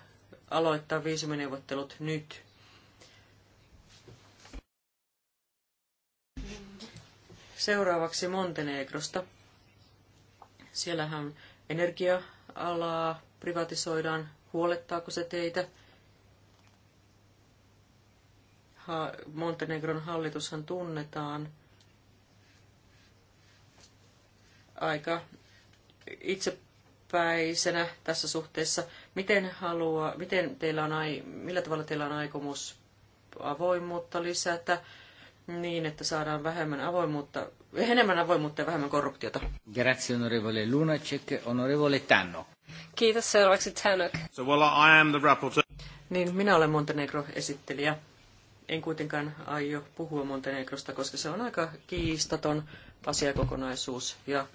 aloittaa viisumineuvottelut nyt? Seuraavaksi Montenegrosta. Siellähän energia-alaa privatisoidaan, huolettaako se teitä? Ha- Montenegron hallitushan tunnetaan aika itsepäisenä tässä suhteessa. Miten haluaa, miten teillä on, ai, millä tavalla teillä on aikomus avoimuutta lisätä niin, että saadaan vähemmän avoimuutta, enemmän avoimuutta ja vähemmän korruptiota? Grazie onorevole Lunacek, onorevole Tanno. Kiitos seuraavaksi Tanok. So, well, I am the rapporteur. Niin, minä olen Montenegro-esittelijä. En kuitenkaan aio puhua Montenegrosta, koska se on aika kiistaton asiakokonaisuus. Ja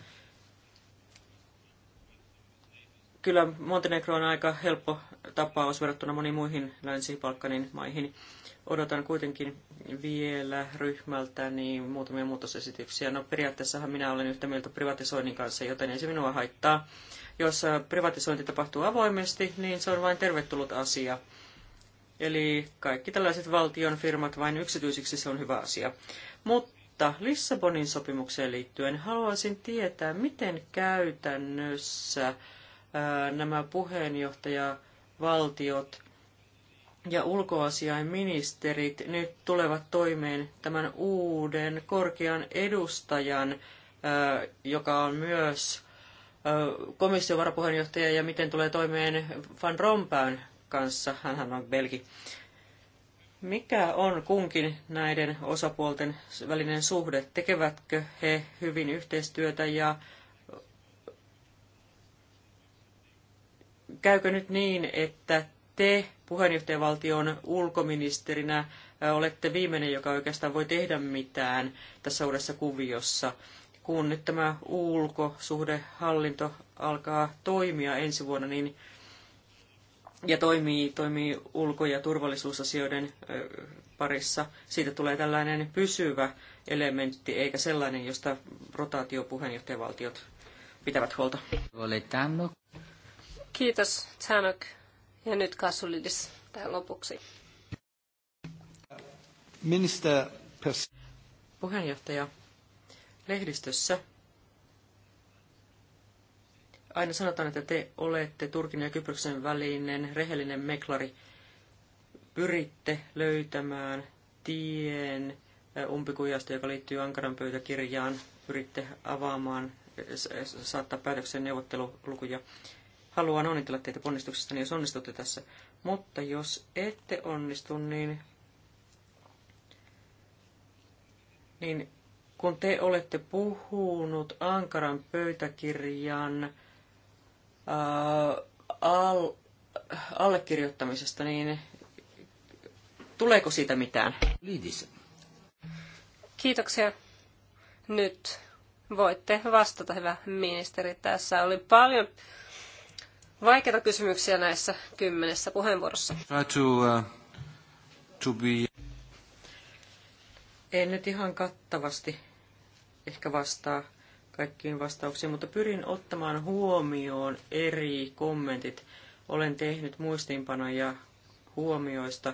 kyllä Montenegro on aika helppo tapaus verrattuna moniin muihin Länsi-Balkanin maihin. Odotan kuitenkin vielä ryhmältä niin muutamia muutosesityksiä. No periaatteessahan minä olen yhtä mieltä privatisoinnin kanssa, joten ei se minua haittaa jos äh, privatisointi tapahtuu avoimesti, niin se on vain tervetullut asia. Eli kaikki tällaiset valtion firmat vain yksityisiksi, se on hyvä asia. Mutta Lissabonin sopimukseen liittyen haluaisin tietää, miten käytännössä äh, nämä puheenjohtajavaltiot ja ulkoasiainministerit nyt tulevat toimeen tämän uuden korkean edustajan, äh, joka on myös komission varapuheenjohtaja ja miten tulee toimeen Van Rompuyn kanssa, hän on belgi. Mikä on kunkin näiden osapuolten välinen suhde? Tekevätkö he hyvin yhteistyötä ja käykö nyt niin, että te puheenjohtajavaltion ulkoministerinä olette viimeinen, joka oikeastaan voi tehdä mitään tässä uudessa kuviossa? kun nyt tämä ulkosuhdehallinto alkaa toimia ensi vuonna, niin ja toimii, toimii ulko- ja turvallisuusasioiden parissa. Siitä tulee tällainen pysyvä elementti, eikä sellainen, josta rotaatiopuheenjohtajavaltiot pitävät huolta. Kiitos, Tanok. Ja nyt Kasulidis tähän lopuksi. Minister... Puheenjohtaja lehdistössä aina sanotaan, että te olette Turkin ja Kyproksen välinen rehellinen meklari. Pyritte löytämään tien umpikujasta, joka liittyy Ankaran pöytäkirjaan. Pyritte avaamaan, saattaa päätöksen neuvottelulukuja. Haluan onnitella teitä ponnistuksesta, niin jos onnistutte tässä. Mutta jos ette onnistu, niin, niin kun te olette puhunut Ankaran pöytäkirjan äh, al- allekirjoittamisesta, niin tuleeko siitä mitään? Liidis. Kiitoksia. Nyt voitte vastata, hyvä ministeri. Tässä oli paljon vaikeita kysymyksiä näissä kymmenessä puheenvuorossa. Uh, en nyt ihan kattavasti ehkä vastaa kaikkiin vastauksiin, mutta pyrin ottamaan huomioon eri kommentit. Olen tehnyt muistiinpanoja huomioista,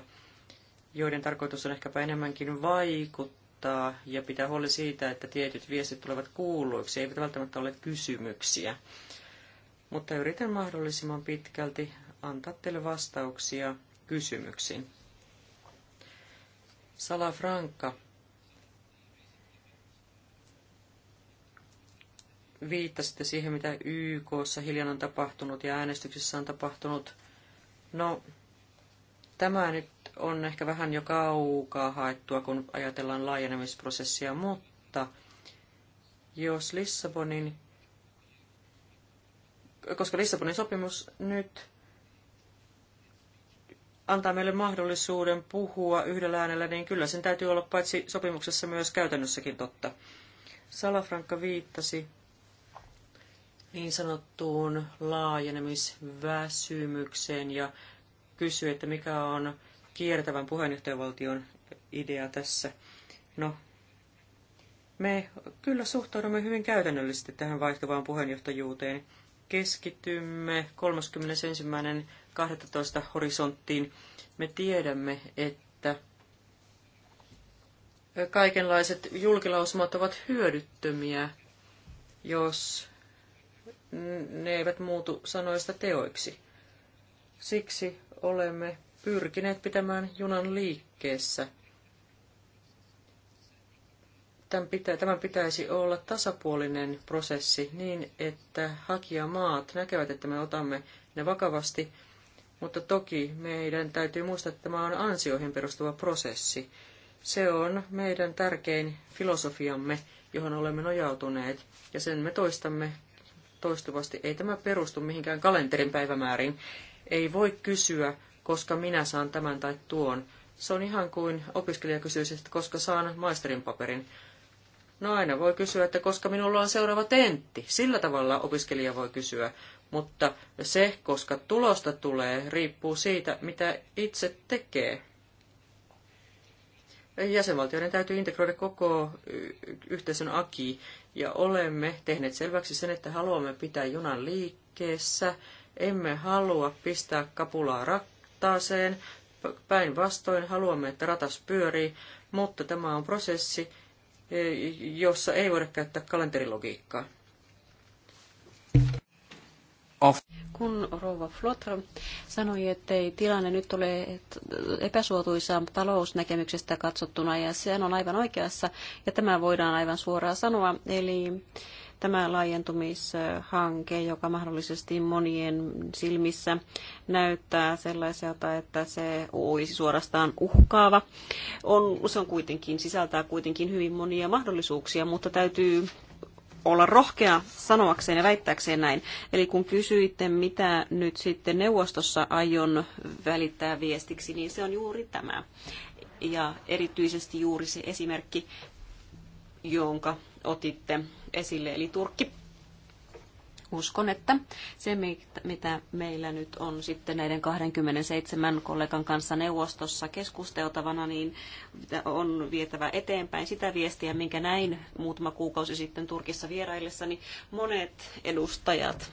joiden tarkoitus on ehkäpä enemmänkin vaikuttaa ja pitää huoli siitä, että tietyt viestit tulevat kuulluiksi, eivät välttämättä ole kysymyksiä. Mutta yritän mahdollisimman pitkälti antaa teille vastauksia kysymyksiin. Franka viittasitte siihen, mitä YKssa hiljan on tapahtunut ja äänestyksessä on tapahtunut. No, tämä nyt on ehkä vähän jo kaukaa haettua, kun ajatellaan laajenemisprosessia, mutta jos Lissabonin, koska Lissabonin sopimus nyt antaa meille mahdollisuuden puhua yhdellä äänellä, niin kyllä sen täytyy olla paitsi sopimuksessa myös käytännössäkin totta. Salafranka viittasi niin sanottuun laajenemisväsymykseen ja kysyi, että mikä on kiertävän puheenjohtajavaltion idea tässä. No, me kyllä suhtaudumme hyvin käytännöllisesti tähän vaihtuvaan puheenjohtajuuteen. Keskitymme 31.12. horisonttiin. Me tiedämme, että kaikenlaiset julkilausumat ovat hyödyttömiä, jos ne eivät muutu sanoista teoiksi. Siksi olemme pyrkineet pitämään junan liikkeessä. Tämän, pitä, tämän pitäisi olla tasapuolinen prosessi niin, että hakijamaat näkevät, että me otamme ne vakavasti, mutta toki meidän täytyy muistaa, että tämä on ansioihin perustuva prosessi. Se on meidän tärkein filosofiamme, johon olemme nojautuneet, ja sen me toistamme toistuvasti. Ei tämä perustu mihinkään kalenterin päivämäärin, Ei voi kysyä, koska minä saan tämän tai tuon. Se on ihan kuin opiskelija kysyisi, että koska saan maisterin paperin. No aina voi kysyä, että koska minulla on seuraava tentti. Sillä tavalla opiskelija voi kysyä, mutta se, koska tulosta tulee, riippuu siitä, mitä itse tekee jäsenvaltioiden täytyy integroida koko yhteisön aki, ja olemme tehneet selväksi sen, että haluamme pitää junan liikkeessä, emme halua pistää kapulaa rattaaseen, päinvastoin haluamme, että ratas pyörii, mutta tämä on prosessi, eh, jossa ei voida käyttää kalenterilogiikkaa. Kun rouva Flotra sanoi, että ei tilanne nyt ole epäsuotuisa talousnäkemyksestä katsottuna, ja se on aivan oikeassa, ja tämä voidaan aivan suoraan sanoa, eli tämä laajentumishanke, joka mahdollisesti monien silmissä näyttää sellaiselta, että se olisi suorastaan uhkaava. On, se on kuitenkin, sisältää kuitenkin hyvin monia mahdollisuuksia, mutta täytyy olla rohkea sanoakseen ja väittääkseen näin. Eli kun kysyitte, mitä nyt sitten neuvostossa aion välittää viestiksi, niin se on juuri tämä. Ja erityisesti juuri se esimerkki, jonka otitte esille, eli Turkki uskon, että se, mitä meillä nyt on sitten näiden 27 kollegan kanssa neuvostossa keskusteltavana, niin on vietävä eteenpäin sitä viestiä, minkä näin muutama kuukausi sitten Turkissa vieraillessani monet edustajat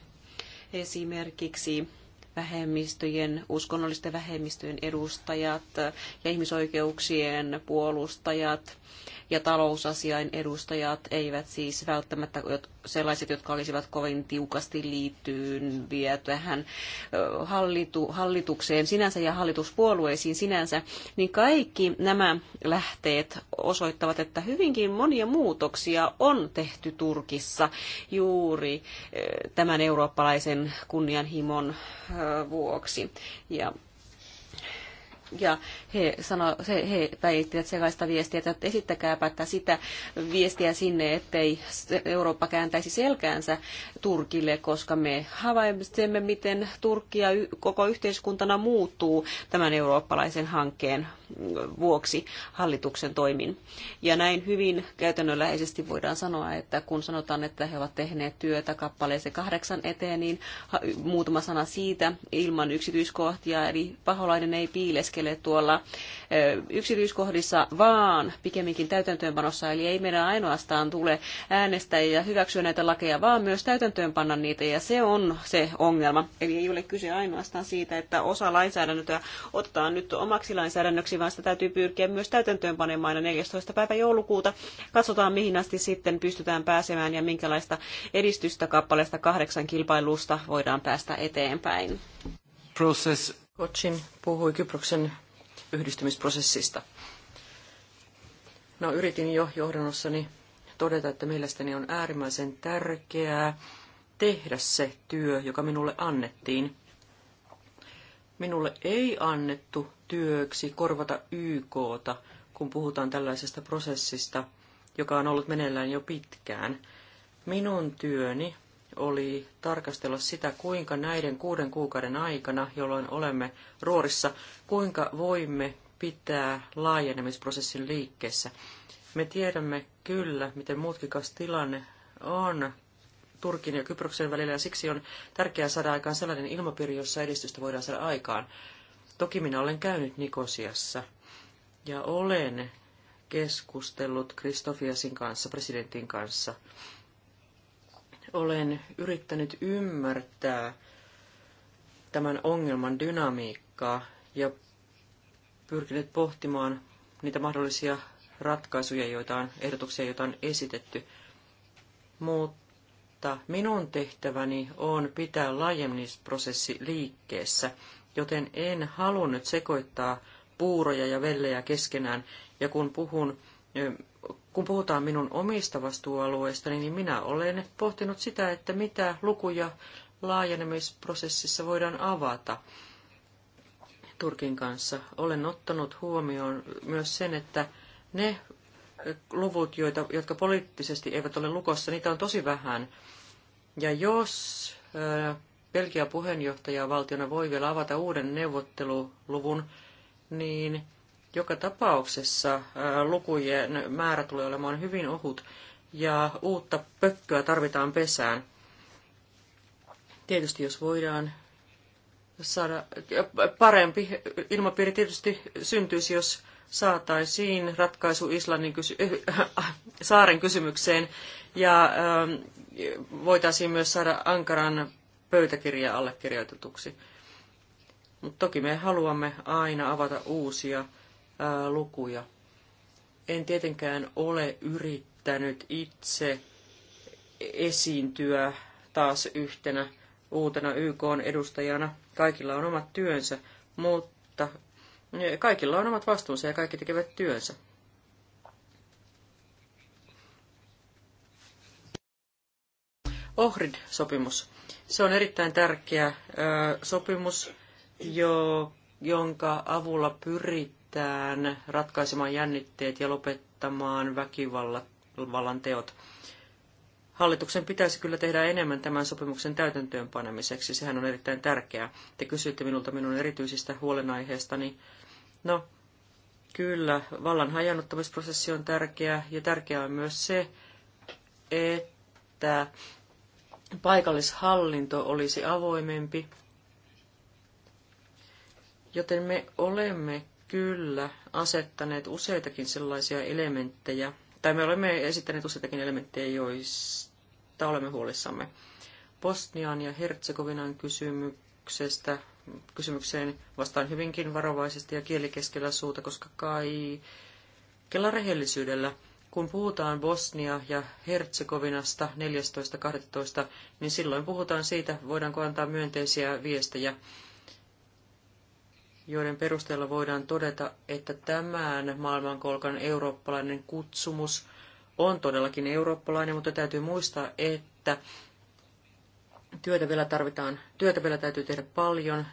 esimerkiksi vähemmistöjen, uskonnollisten vähemmistöjen edustajat ja ihmisoikeuksien puolustajat ja talousasiain edustajat eivät siis välttämättä sellaiset, jotka olisivat kovin tiukasti liittyviä tähän hallitu, hallitukseen sinänsä ja hallituspuolueisiin sinänsä, niin kaikki nämä lähteet osoittavat, että hyvinkin monia muutoksia on tehty Turkissa juuri tämän eurooppalaisen kunnianhimon vuoksi. Ja ja he, sano, se, he väittivät sellaista viestiä, että esittäkääpä että sitä viestiä sinne, ettei Eurooppa kääntäisi selkäänsä Turkille, koska me havaitsemme, miten Turkki ja koko yhteiskuntana muuttuu tämän eurooppalaisen hankkeen vuoksi hallituksen toimin. Ja näin hyvin käytännönläheisesti voidaan sanoa, että kun sanotaan, että he ovat tehneet työtä kappaleeseen kahdeksan eteen, niin muutama sana siitä ilman yksityiskohtia, eli paholainen ei piileskele askeleet tuolla yksityiskohdissa, vaan pikemminkin täytäntöönpanossa. Eli ei meidän ainoastaan tule äänestää ja hyväksyä näitä lakeja, vaan myös täytäntöönpanna niitä, ja se on se ongelma. Eli ei ole kyse ainoastaan siitä, että osa lainsäädäntöä otetaan nyt omaksi lainsäädännöksi, vaan sitä täytyy pyrkiä myös täytäntöönpanemaan aina 14. päivä joulukuuta. Katsotaan, mihin asti sitten pystytään pääsemään ja minkälaista edistystä kappaleesta kahdeksan kilpailusta voidaan päästä eteenpäin. Process Kotsin puhui Kyproksen yhdistymisprosessista. No, yritin jo johdannossani todeta, että mielestäni on äärimmäisen tärkeää tehdä se työ, joka minulle annettiin. Minulle ei annettu työksi korvata YKta, kun puhutaan tällaisesta prosessista, joka on ollut meneillään jo pitkään. Minun työni oli tarkastella sitä, kuinka näiden kuuden kuukauden aikana, jolloin olemme ruorissa, kuinka voimme pitää laajenemisprosessin liikkeessä. Me tiedämme kyllä, miten mutkikas tilanne on Turkin ja Kyproksen välillä, ja siksi on tärkeää saada aikaan sellainen ilmapiiri, jossa edistystä voidaan saada aikaan. Toki minä olen käynyt Nikosiassa, ja olen keskustellut Kristofiasin kanssa, presidentin kanssa, olen yrittänyt ymmärtää tämän ongelman dynamiikkaa ja pyrkinyt pohtimaan niitä mahdollisia ratkaisuja, joita on, ehdotuksia, joita on esitetty. Mutta minun tehtäväni on pitää laajemmisprosessi liikkeessä, joten en halunnut sekoittaa puuroja ja vellejä keskenään. Ja kun puhun kun puhutaan minun omista vastuualueistani, niin minä olen pohtinut sitä, että mitä lukuja laajenemisprosessissa voidaan avata Turkin kanssa. Olen ottanut huomioon myös sen, että ne luvut, joita, jotka poliittisesti eivät ole lukossa, niitä on tosi vähän. Ja jos Belgia puheenjohtajavaltiona voi vielä avata uuden neuvotteluluvun, niin joka tapauksessa äh, lukujen määrä tulee olemaan hyvin ohut ja uutta pökköä tarvitaan pesään. Tietysti jos voidaan saada äh, parempi ilmapiiri tietysti syntyisi, jos saataisiin ratkaisu Islannin kysy- äh, saaren kysymykseen ja ähm, voitaisiin myös saada Ankaran pöytäkirja allekirjoitetuksi. Mutta toki me haluamme aina avata uusia lukuja. En tietenkään ole yrittänyt itse esiintyä taas yhtenä uutena YK-edustajana. Kaikilla on omat työnsä, mutta e, kaikilla on omat vastuunsa ja kaikki tekevät työnsä. Ohrid-sopimus. Se on erittäin tärkeä ö, sopimus, jo, jonka avulla pyritään pyritään ratkaisemaan jännitteet ja lopettamaan väkivallan teot. Hallituksen pitäisi kyllä tehdä enemmän tämän sopimuksen täytäntöönpanemiseksi. Sehän on erittäin tärkeää. Te kysyitte minulta minun erityisistä huolenaiheestani. No, kyllä, vallan hajannuttamisprosessi on tärkeä ja tärkeää on myös se, että paikallishallinto olisi avoimempi. Joten me olemme kyllä asettaneet useitakin sellaisia elementtejä, tai me olemme esittäneet useitakin elementtejä, joista olemme huolissamme. Bosnian ja Herzegovinan kysymyksestä kysymykseen vastaan hyvinkin varovaisesti ja kielikeskellä suuta, koska kella rehellisyydellä, kun puhutaan Bosnia ja Herzegovinasta 14.12., niin silloin puhutaan siitä, voidaanko antaa myönteisiä viestejä joiden perusteella voidaan todeta, että tämän maailmankolkan eurooppalainen kutsumus on todellakin eurooppalainen, mutta täytyy muistaa, että työtä vielä tarvitaan, työtä vielä täytyy tehdä paljon.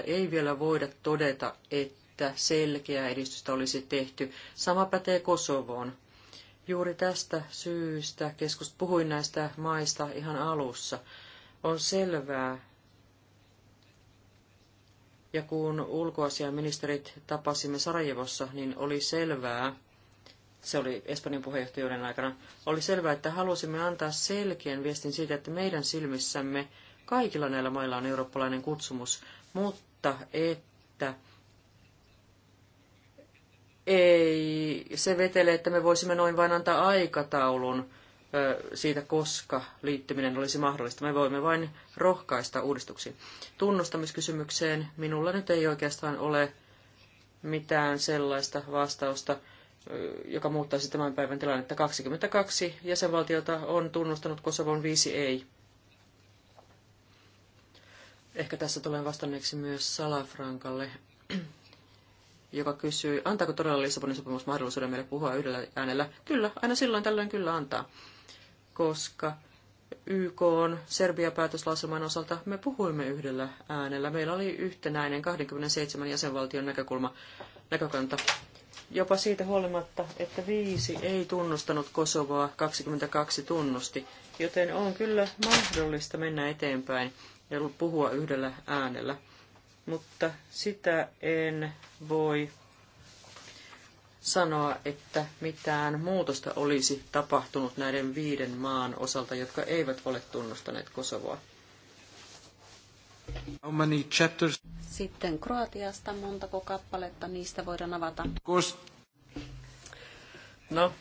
14.12. ei vielä voida todeta, että selkeää edistystä olisi tehty. Sama pätee Kosovoon. Juuri tästä syystä keskus puhuin näistä maista ihan alussa. On selvää, ja kun ulkoasiaministerit tapasimme Sarajevossa, niin oli selvää, se oli Espanjan puheenjohtajuuden aikana, oli selvää, että halusimme antaa selkeän viestin siitä, että meidän silmissämme kaikilla näillä mailla on eurooppalainen kutsumus, mutta että ei se vetele, että me voisimme noin vain antaa aikataulun siitä, koska liittyminen olisi mahdollista. Me voimme vain rohkaista uudistuksiin. Tunnustamiskysymykseen minulla nyt ei oikeastaan ole mitään sellaista vastausta, joka muuttaisi tämän päivän tilannetta. 22 jäsenvaltiota on tunnustanut Kosovon, viisi ei. Ehkä tässä tulen vastanneeksi myös Salafrankalle, joka kysyy, antaako todella Lissabonin sopimus mahdollisuuden meille puhua yhdellä äänellä? Kyllä, aina silloin tällöin kyllä antaa koska YK on Serbia-päätöslauselman osalta me puhuimme yhdellä äänellä. Meillä oli yhtenäinen 27 jäsenvaltion näkökulma, näkökanta. Jopa siitä huolimatta, että viisi ei tunnustanut Kosovoa, 22 tunnusti, joten on kyllä mahdollista mennä eteenpäin ja puhua yhdellä äänellä. Mutta sitä en voi sanoa, että mitään muutosta olisi tapahtunut näiden viiden maan osalta, jotka eivät ole tunnustaneet Kosovoa. How many chapters? Sitten Kroatiasta montako kappaletta niistä voidaan avata? Kos. No,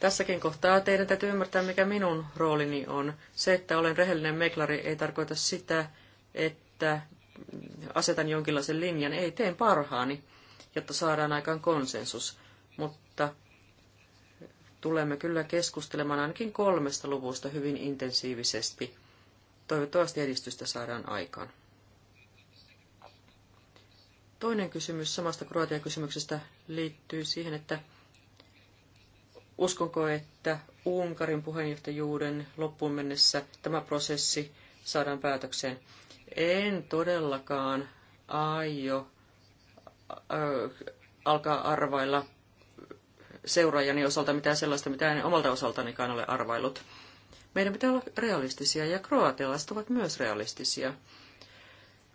tässäkin kohtaa teidän täytyy ymmärtää, mikä minun roolini on. Se, että olen rehellinen meklari, ei tarkoita sitä, että asetan jonkinlaisen linjan. Ei, teen parhaani jotta saadaan aikaan konsensus. Mutta tulemme kyllä keskustelemaan ainakin kolmesta luvusta hyvin intensiivisesti. Toivottavasti edistystä saadaan aikaan. Toinen kysymys samasta Kroatian kysymyksestä liittyy siihen, että uskonko, että Unkarin puheenjohtajuuden loppuun mennessä tämä prosessi saadaan päätökseen. En todellakaan aio Äh, alkaa arvailla seuraajani osalta mitään sellaista, mitä en omalta osaltanikaan ole arvailut. Meidän pitää olla realistisia ja kroatialaiset ovat myös realistisia.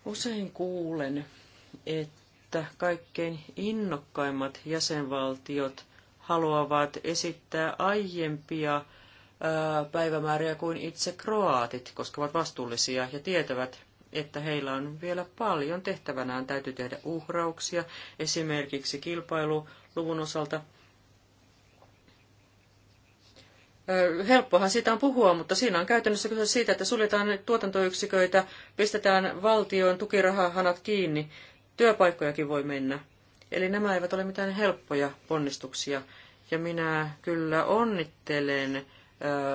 Usein kuulen, että kaikkein innokkaimmat jäsenvaltiot haluavat esittää aiempia äh, päivämääriä kuin itse kroatit, koska ovat vastuullisia ja tietävät, että heillä on vielä paljon tehtävänään. Täytyy tehdä uhrauksia, esimerkiksi kilpailuluvun osalta. Helppohan siitä on puhua, mutta siinä on käytännössä kyse siitä, että suljetaan tuotantoyksiköitä, pistetään valtion tukirahahanat kiinni, työpaikkojakin voi mennä. Eli nämä eivät ole mitään helppoja ponnistuksia. Ja minä kyllä onnittelen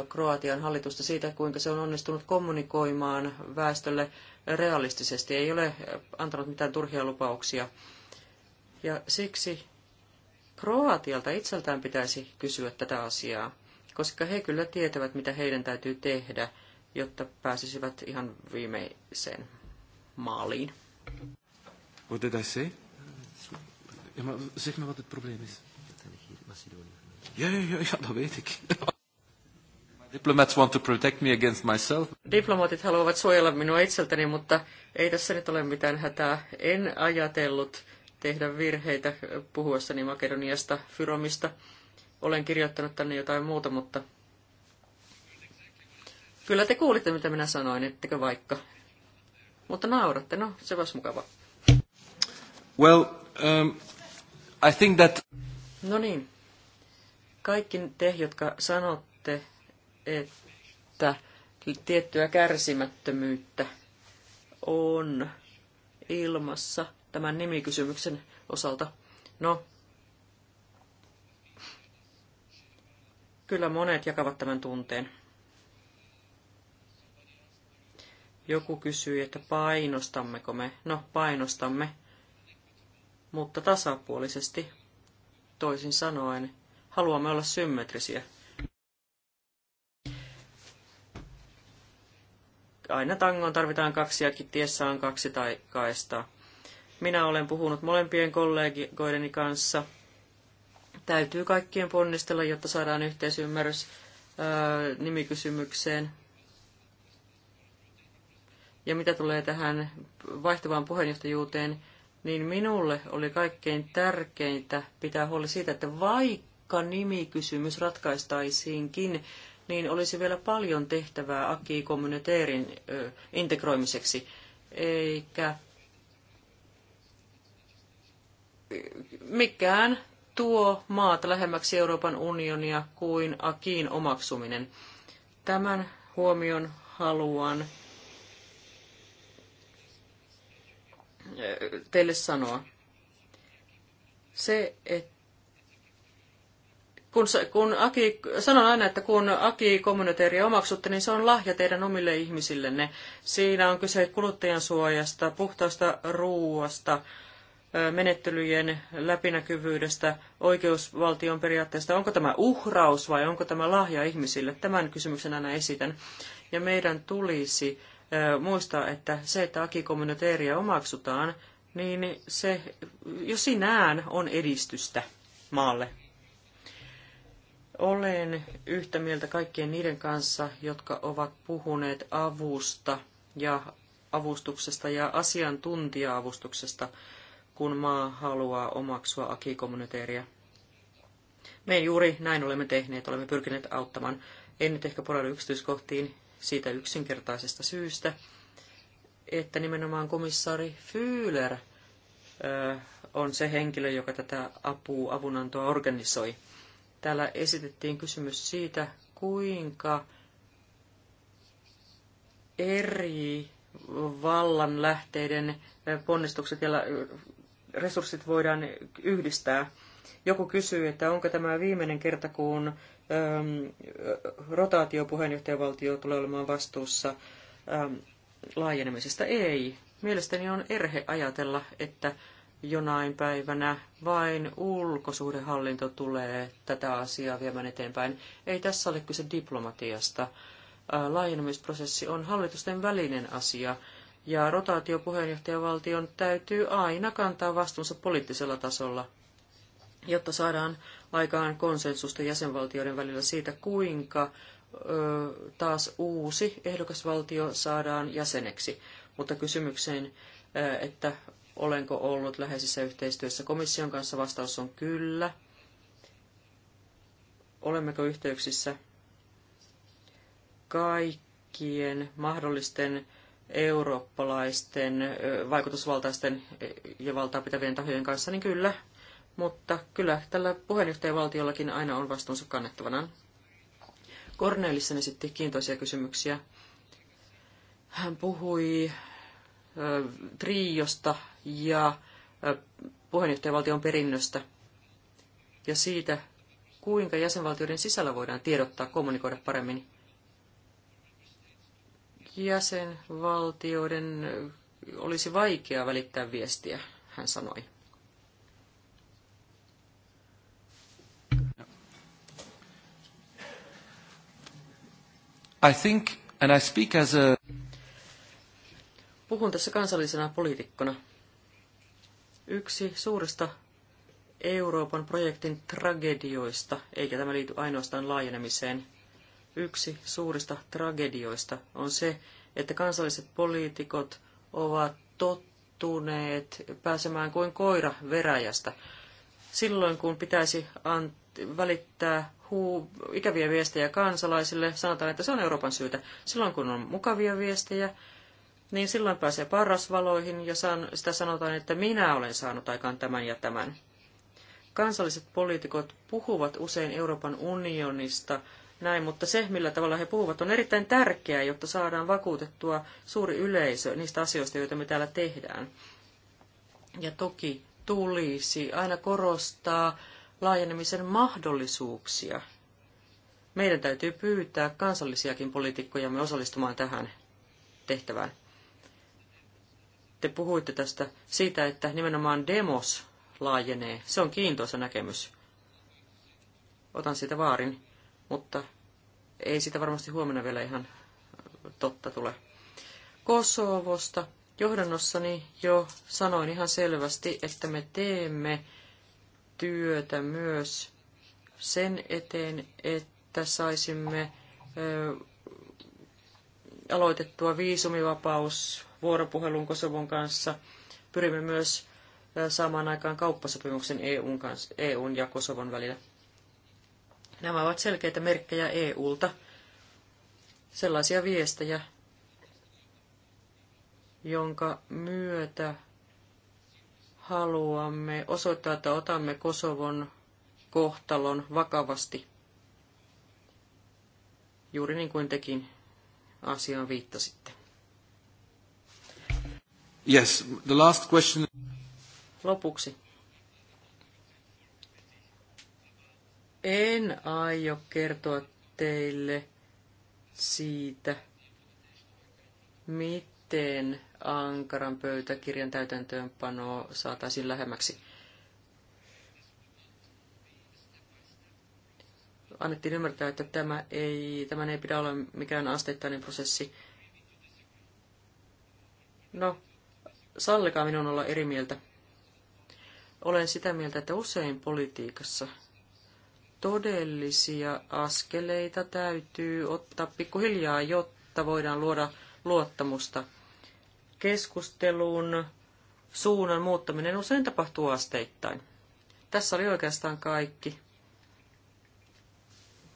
Kroatian hallitusta siitä, kuinka se on onnistunut kommunikoimaan väestölle realistisesti. Ei ole antanut mitään turhia lupauksia. Ja siksi Kroatialta itseltään pitäisi kysyä tätä asiaa, koska he kyllä tietävät, mitä heidän täytyy tehdä, jotta pääsisivät ihan viimeiseen maaliin. What did I say? Ja, maar zeg me wat het probleem is. Macedonië. Ja, ja, ja, ja, dat weet ik. Diplomats want to protect me against myself. Diplomaatit haluavat suojella minua itseltäni, mutta ei tässä nyt ole mitään hätää. En ajatellut tehdä virheitä puhuessani Makedoniasta, Fyromista. Olen kirjoittanut tänne jotain muuta, mutta Kyllä te kuulitte, mitä minä sanoin, ettekö vaikka. Mutta nauratte, no, se olisi mukava. Well, um, I think that... No niin. Kaikki te, jotka sanotte, että tiettyä kärsimättömyyttä on ilmassa tämän nimikysymyksen osalta. No, kyllä monet jakavat tämän tunteen. Joku kysyi, että painostammeko me. No, painostamme, mutta tasapuolisesti. Toisin sanoen, haluamme olla symmetrisiä. aina tangoon tarvitaan kaksi ja tiessä on kaksi tai kaista. Minä olen puhunut molempien kollegoideni kanssa. Täytyy kaikkien ponnistella, jotta saadaan yhteisymmärrys ää, nimikysymykseen. Ja mitä tulee tähän vaihtuvaan puheenjohtajuuteen, niin minulle oli kaikkein tärkeintä pitää huoli siitä, että vaikka nimikysymys ratkaistaisiinkin niin olisi vielä paljon tehtävää aki kommuniteerin integroimiseksi, eikä mikään tuo maata lähemmäksi Euroopan unionia kuin akiin omaksuminen. Tämän huomion haluan teille sanoa. Se, että kun, kun Aki, sanon aina, että kun Aki kommuniteeria omaksutte, niin se on lahja teidän omille ihmisillenne. Siinä on kyse kuluttajan suojasta, puhtaasta ruuasta, menettelyjen läpinäkyvyydestä, oikeusvaltion periaatteesta. Onko tämä uhraus vai onko tämä lahja ihmisille? Tämän kysymyksen aina esitän. Ja meidän tulisi muistaa, että se, että Aki kommuniteeria omaksutaan, niin se jo sinään on edistystä maalle. Olen yhtä mieltä kaikkien niiden kanssa, jotka ovat puhuneet avusta ja avustuksesta ja asiantuntija-avustuksesta, kun maa haluaa omaksua akikommuniteeria. Me juuri näin olemme tehneet, olemme pyrkineet auttamaan. En nyt ehkä poraudu yksityiskohtiin siitä yksinkertaisesta syystä, että nimenomaan komissaari Fyyler on se henkilö, joka tätä apua, avunantoa organisoi. Täällä esitettiin kysymys siitä, kuinka eri vallanlähteiden ponnistukset ja resurssit voidaan yhdistää. Joku kysyy, että onko tämä viimeinen kerta, kun äm, rotaatiopuheenjohtajavaltio tulee olemaan vastuussa äm, laajenemisesta. Ei. Mielestäni on erhe ajatella, että jonain päivänä vain ulkosuhdehallinto tulee tätä asiaa viemään eteenpäin. Ei tässä ole kyse diplomatiasta. Laajenemisprosessi on hallitusten välinen asia, ja rotaatiopuheenjohtajavaltion täytyy aina kantaa vastuunsa poliittisella tasolla, jotta saadaan aikaan konsensusta jäsenvaltioiden välillä siitä, kuinka ö, taas uusi ehdokasvaltio saadaan jäseneksi. Mutta kysymykseen, että Olenko ollut läheisessä yhteistyössä komission kanssa? Vastaus on kyllä. Olemmeko yhteyksissä kaikkien mahdollisten eurooppalaisten vaikutusvaltaisten ja valtaa pitävien tahojen kanssa, niin kyllä. Mutta kyllä tällä puheenjohtajavaltiollakin aina on vastuunsa kannettavanaan. Cornelissen esitti kiintoisia kysymyksiä. Hän puhui äh, triosta, ja puheenjohtajavaltion perinnöstä ja siitä, kuinka jäsenvaltioiden sisällä voidaan tiedottaa, kommunikoida paremmin. Jäsenvaltioiden olisi vaikea välittää viestiä, hän sanoi. I think, and I speak as a... Puhun tässä kansallisena poliitikkona yksi suurista Euroopan projektin tragedioista, eikä tämä liity ainoastaan laajenemiseen, yksi suurista tragedioista on se, että kansalliset poliitikot ovat tottuneet pääsemään kuin koira veräjästä. Silloin kun pitäisi välittää huu, ikäviä viestejä kansalaisille, sanotaan, että se on Euroopan syytä. Silloin kun on mukavia viestejä, niin silloin pääsee parasvaloihin, ja san, sitä sanotaan, että minä olen saanut aikaan tämän ja tämän. Kansalliset poliitikot puhuvat usein Euroopan unionista näin, mutta se, millä tavalla he puhuvat, on erittäin tärkeää, jotta saadaan vakuutettua suuri yleisö niistä asioista, joita me täällä tehdään. Ja toki tulisi aina korostaa laajenemisen mahdollisuuksia. Meidän täytyy pyytää kansallisiakin poliitikkojamme osallistumaan tähän tehtävään te puhuitte tästä siitä, että nimenomaan demos laajenee. Se on kiintoisa näkemys. Otan siitä vaarin, mutta ei sitä varmasti huomenna vielä ihan totta tule. Kosovosta johdannossani jo sanoin ihan selvästi, että me teemme työtä myös sen eteen, että saisimme ö, aloitettua viisumivapaus vuoropuhelun Kosovon kanssa. Pyrimme myös saamaan aikaan kauppasopimuksen EUn, kanssa, EUn ja Kosovon välillä. Nämä ovat selkeitä merkkejä EUlta, sellaisia viestejä, jonka myötä haluamme osoittaa, että otamme Kosovon kohtalon vakavasti, juuri niin kuin tekin asiaan viittasitte. Yes, the last question. Lopuksi. En aio kertoa teille siitä, miten Ankaran pöytäkirjan täytäntöönpano saataisiin lähemmäksi. Annettiin ymmärtää, että tämä ei, tämän ei pidä olla mikään asteittainen prosessi. No, sallikaa minun olla eri mieltä. Olen sitä mieltä, että usein politiikassa todellisia askeleita täytyy ottaa pikkuhiljaa, jotta voidaan luoda luottamusta. Keskustelun suunnan muuttaminen usein tapahtuu asteittain. Tässä oli oikeastaan kaikki.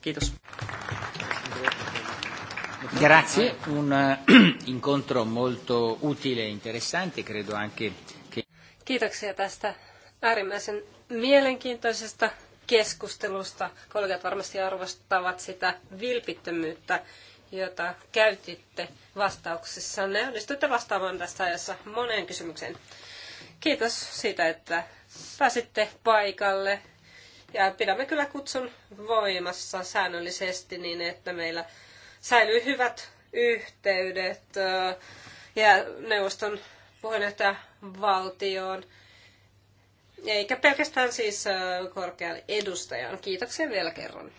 Kiitos. Grazie, un eh, [CLEARS THROAT] incontro molto utile e interessante, credo anche che... Kiitoksia tästä äärimmäisen mielenkiintoisesta keskustelusta. Kollegat varmasti arvostavat sitä vilpittömyyttä, jota käytitte vastauksissanne. Onnistuitte vastaamaan tässä ajassa moneen kysymykseen. Kiitos siitä, että pääsitte paikalle. Ja pidämme kyllä kutsun voimassa säännöllisesti niin, että meillä säilyy hyvät yhteydet ja neuvoston puheenjohtajavaltioon, eikä pelkästään siis korkean edustajan. Kiitoksia vielä kerran.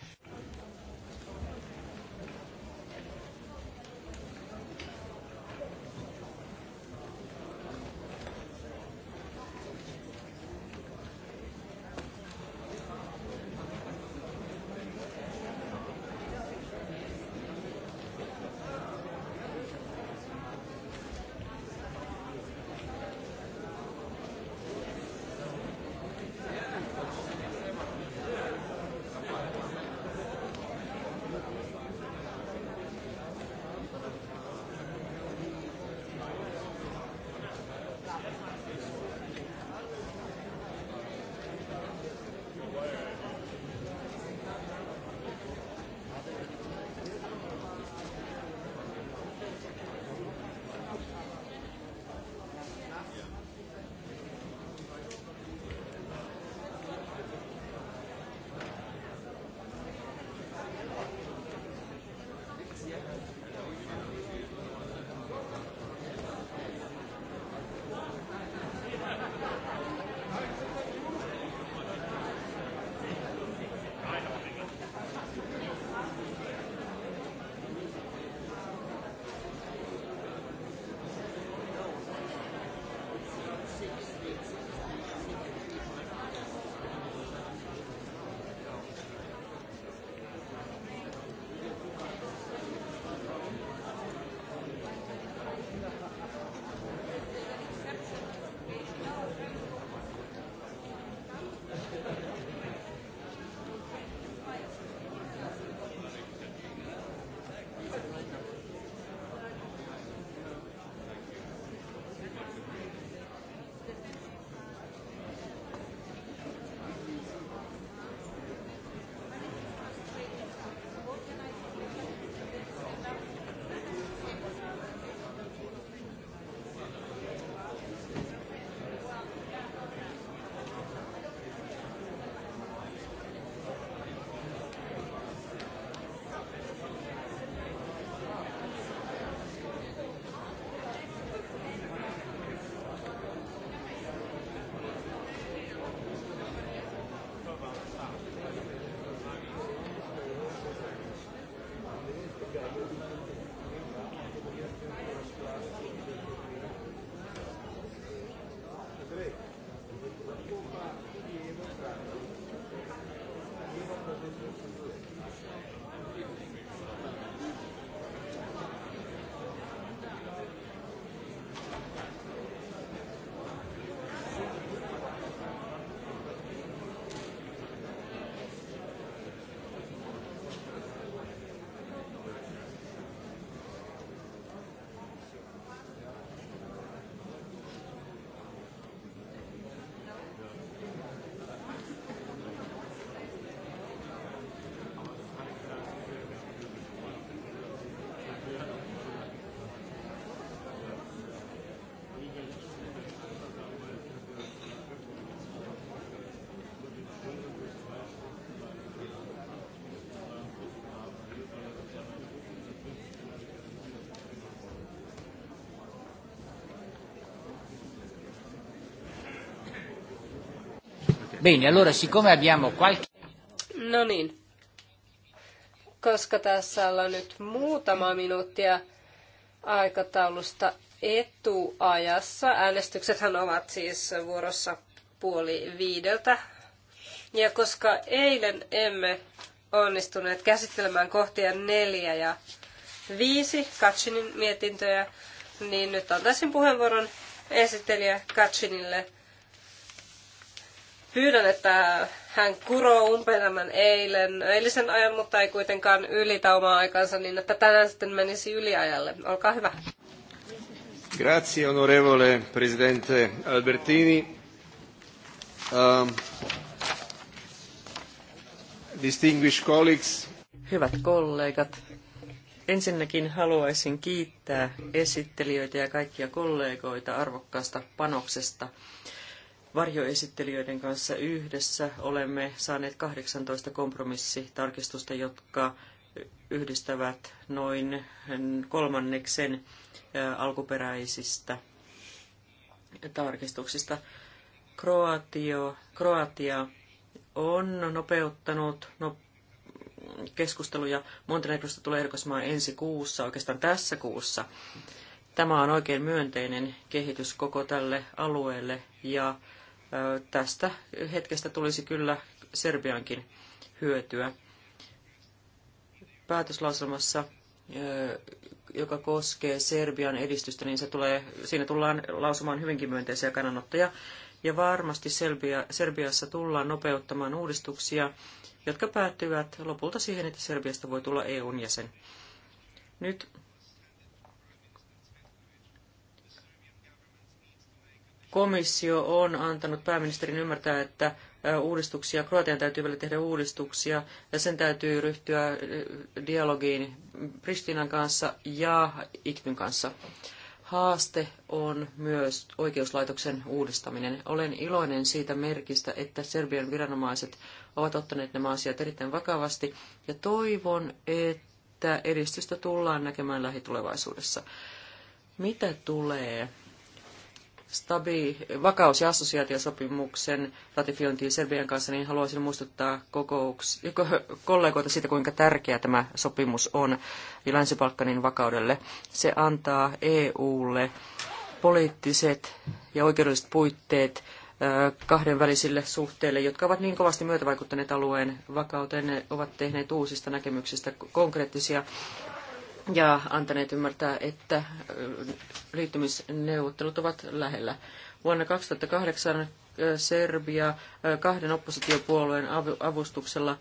Bene, allora siccome abbiamo qualche... No niin. Koska tässä ollaan nyt muutama minuuttia aikataulusta etuajassa. Äänestyksethän ovat siis vuorossa puoli viideltä. Ja koska eilen emme onnistuneet käsittelemään kohtia neljä ja viisi Katsinin mietintöjä, niin nyt antaisin puheenvuoron esittelijä Katsinille – Pyydän, että hän kuroo umpeen tämän eilen, eilisen ajan, mutta ei kuitenkaan ylitä omaa aikansa niin, että tänään sitten menisi yliajalle. Olkaa hyvä. Grazie, onorevole presidente Albertini. Um, distinguished colleagues. Hyvät kollegat, ensinnäkin haluaisin kiittää esittelijöitä ja kaikkia kollegoita arvokkaasta panoksesta varjoesittelijöiden kanssa yhdessä olemme saaneet 18 kompromissitarkistusta, jotka yhdistävät noin kolmanneksen alkuperäisistä tarkistuksista. Kroatio, Kroatia on nopeuttanut no, keskusteluja. Montenegrosta tulee ehdokasmaa ensi kuussa, oikeastaan tässä kuussa. Tämä on oikein myönteinen kehitys koko tälle alueelle ja Tästä hetkestä tulisi kyllä Serbiankin hyötyä. Päätöslauselmassa, joka koskee Serbian edistystä, niin se tulee, siinä tullaan lausumaan hyvinkin myönteisiä kannanottoja. Ja varmasti Serbia, Serbiassa tullaan nopeuttamaan uudistuksia, jotka päättyvät lopulta siihen, että Serbiasta voi tulla EUn jäsen. Nyt Komissio on antanut pääministerin ymmärtää, että uudistuksia, Kroatian täytyy vielä tehdä uudistuksia ja sen täytyy ryhtyä dialogiin Pristinan kanssa ja Iktyn kanssa. Haaste on myös oikeuslaitoksen uudistaminen. Olen iloinen siitä merkistä, että Serbian viranomaiset ovat ottaneet nämä asiat erittäin vakavasti ja toivon, että edistystä tullaan näkemään lähitulevaisuudessa. Mitä tulee stabi- vakaus- ja assosiaatiosopimuksen ratifiointiin Serbian kanssa, niin haluaisin muistuttaa kokouks- kollegoita siitä, kuinka tärkeä tämä sopimus on Länsi-Balkanin vakaudelle. Se antaa EUlle poliittiset ja oikeudelliset puitteet kahdenvälisille suhteille, jotka ovat niin kovasti myötävaikuttaneet alueen vakauteen, ne ovat tehneet uusista näkemyksistä konkreettisia ja antaneet ymmärtää, että liittymisneuvottelut ovat lähellä. Vuonna 2008 Serbia kahden oppositiopuolueen avustuksella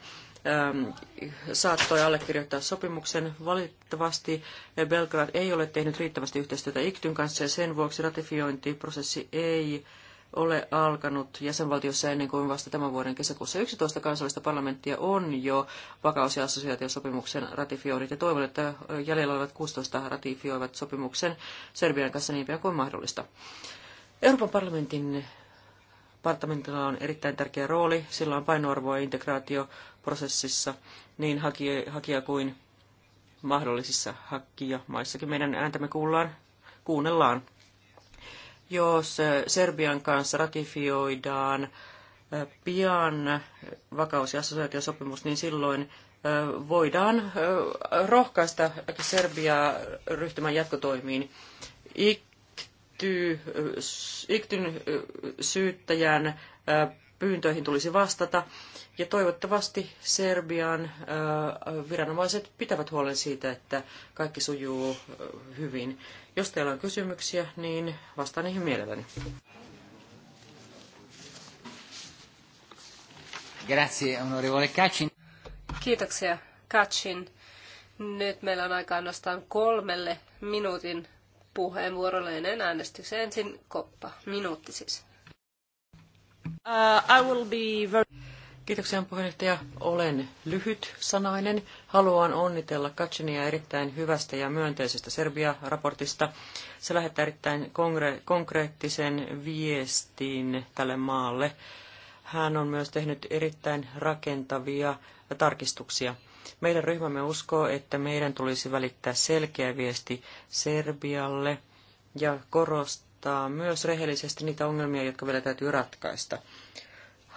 saattoi allekirjoittaa sopimuksen. Valitettavasti Belgrad ei ole tehnyt riittävästi yhteistyötä Iktyn kanssa ja sen vuoksi ratifiointiprosessi ei ole alkanut jäsenvaltiossa ennen kuin vasta tämän vuoden kesäkuussa. 11 kansallista parlamenttia on jo vakaus- ja assosiaatiosopimuksen ratifioinnit ja toivon, että jäljellä olevat 16 ratifioivat sopimuksen Serbian kanssa niin pian kuin mahdollista. Euroopan parlamentin Parlamentilla on erittäin tärkeä rooli. Sillä on painoarvoa integraatioprosessissa niin hakija, hakija kuin mahdollisissa hakijamaissakin. Meidän ääntämme kuullaan, kuunnellaan jos Serbian kanssa ratifioidaan pian vakaus- ja assosiaatiosopimus, niin silloin voidaan rohkaista Serbiaa ryhtymään jatkotoimiin. Ikty, Iktyn syyttäjän pyyntöihin tulisi vastata ja toivottavasti Serbian viranomaiset pitävät huolen siitä, että kaikki sujuu hyvin. Jos teillä on kysymyksiä, niin vastaan niihin mielelläni. Grazie, onorevole Kacin. Kiitoksia, Kacin. Nyt meillä on aikaa nostaa kolmelle minuutin puheenvuorolle ennen äänestyksiä. Ensin koppa, minuutti siis. Uh, I will be very... Kiitoksia puheenjohtaja. Olen lyhyt sanainen. Haluan onnitella Kacinia erittäin hyvästä ja myönteisestä Serbia-raportista. Se lähettää erittäin konkreettisen viestin tälle maalle. Hän on myös tehnyt erittäin rakentavia tarkistuksia. Meidän ryhmämme uskoo, että meidän tulisi välittää selkeä viesti Serbialle ja korostaa myös rehellisesti niitä ongelmia, jotka vielä täytyy ratkaista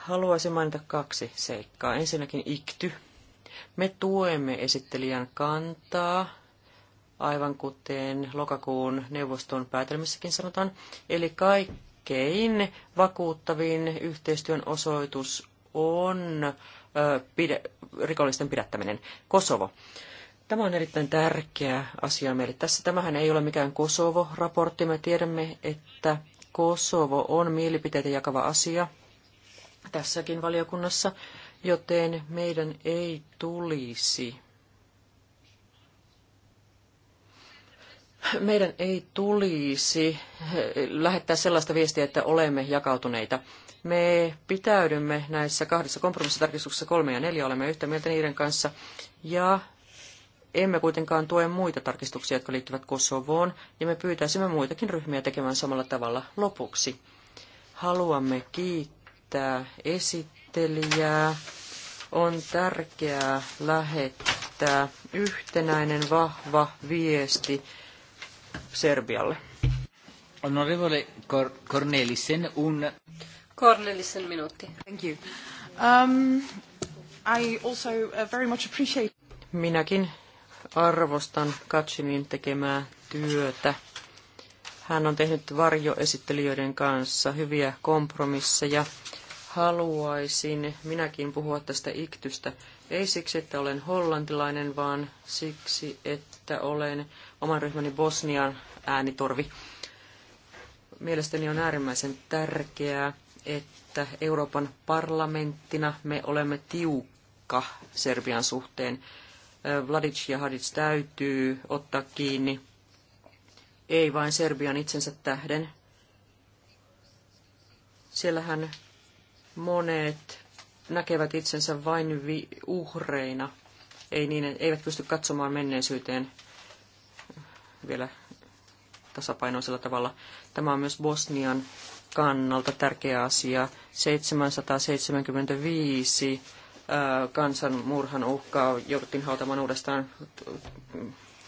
haluaisin mainita kaksi seikkaa. Ensinnäkin ikty. Me tuemme esittelijän kantaa, aivan kuten lokakuun neuvoston päätelmissäkin sanotaan. Eli kaikkein vakuuttavin yhteistyön osoitus on ö, pide, rikollisten pidättäminen. Kosovo. Tämä on erittäin tärkeä asia meille. Tässä tämähän ei ole mikään Kosovo-raportti. Me tiedämme, että Kosovo on mielipiteitä jakava asia tässäkin valiokunnassa, joten meidän ei tulisi meidän ei tulisi lähettää sellaista viestiä, että olemme jakautuneita. Me pitäydymme näissä kahdessa kompromissitarkistuksessa kolme ja neljä, olemme yhtä mieltä niiden kanssa. Ja emme kuitenkaan tue muita tarkistuksia, jotka liittyvät Kosovoon, ja me pyytäisimme muitakin ryhmiä tekemään samalla tavalla lopuksi. Haluamme kiittää kiittää esittelijää. On tärkeää lähettää yhtenäinen vahva viesti Serbialle. Onorevole Cor- Cornelissen, un... Cornelissen minuutti. Thank you. Um, I also uh, very much appreciate... Minäkin arvostan Katsinin tekemää työtä. Hän on tehnyt varjoesittelijöiden kanssa hyviä kompromisseja. Haluaisin minäkin puhua tästä iktystä. Ei siksi, että olen hollantilainen, vaan siksi, että olen oman ryhmäni Bosnian äänitorvi. Mielestäni on äärimmäisen tärkeää, että Euroopan parlamenttina me olemme tiukka Serbian suhteen. Vladic ja Hadic täytyy ottaa kiinni ei vain Serbian itsensä tähden. Siellähän monet näkevät itsensä vain vi- uhreina, ei niin, eivät pysty katsomaan menneisyyteen vielä tasapainoisella tavalla. Tämä on myös Bosnian kannalta tärkeä asia. 775 kansanmurhan uhkaa jouduttiin hautamaan uudestaan.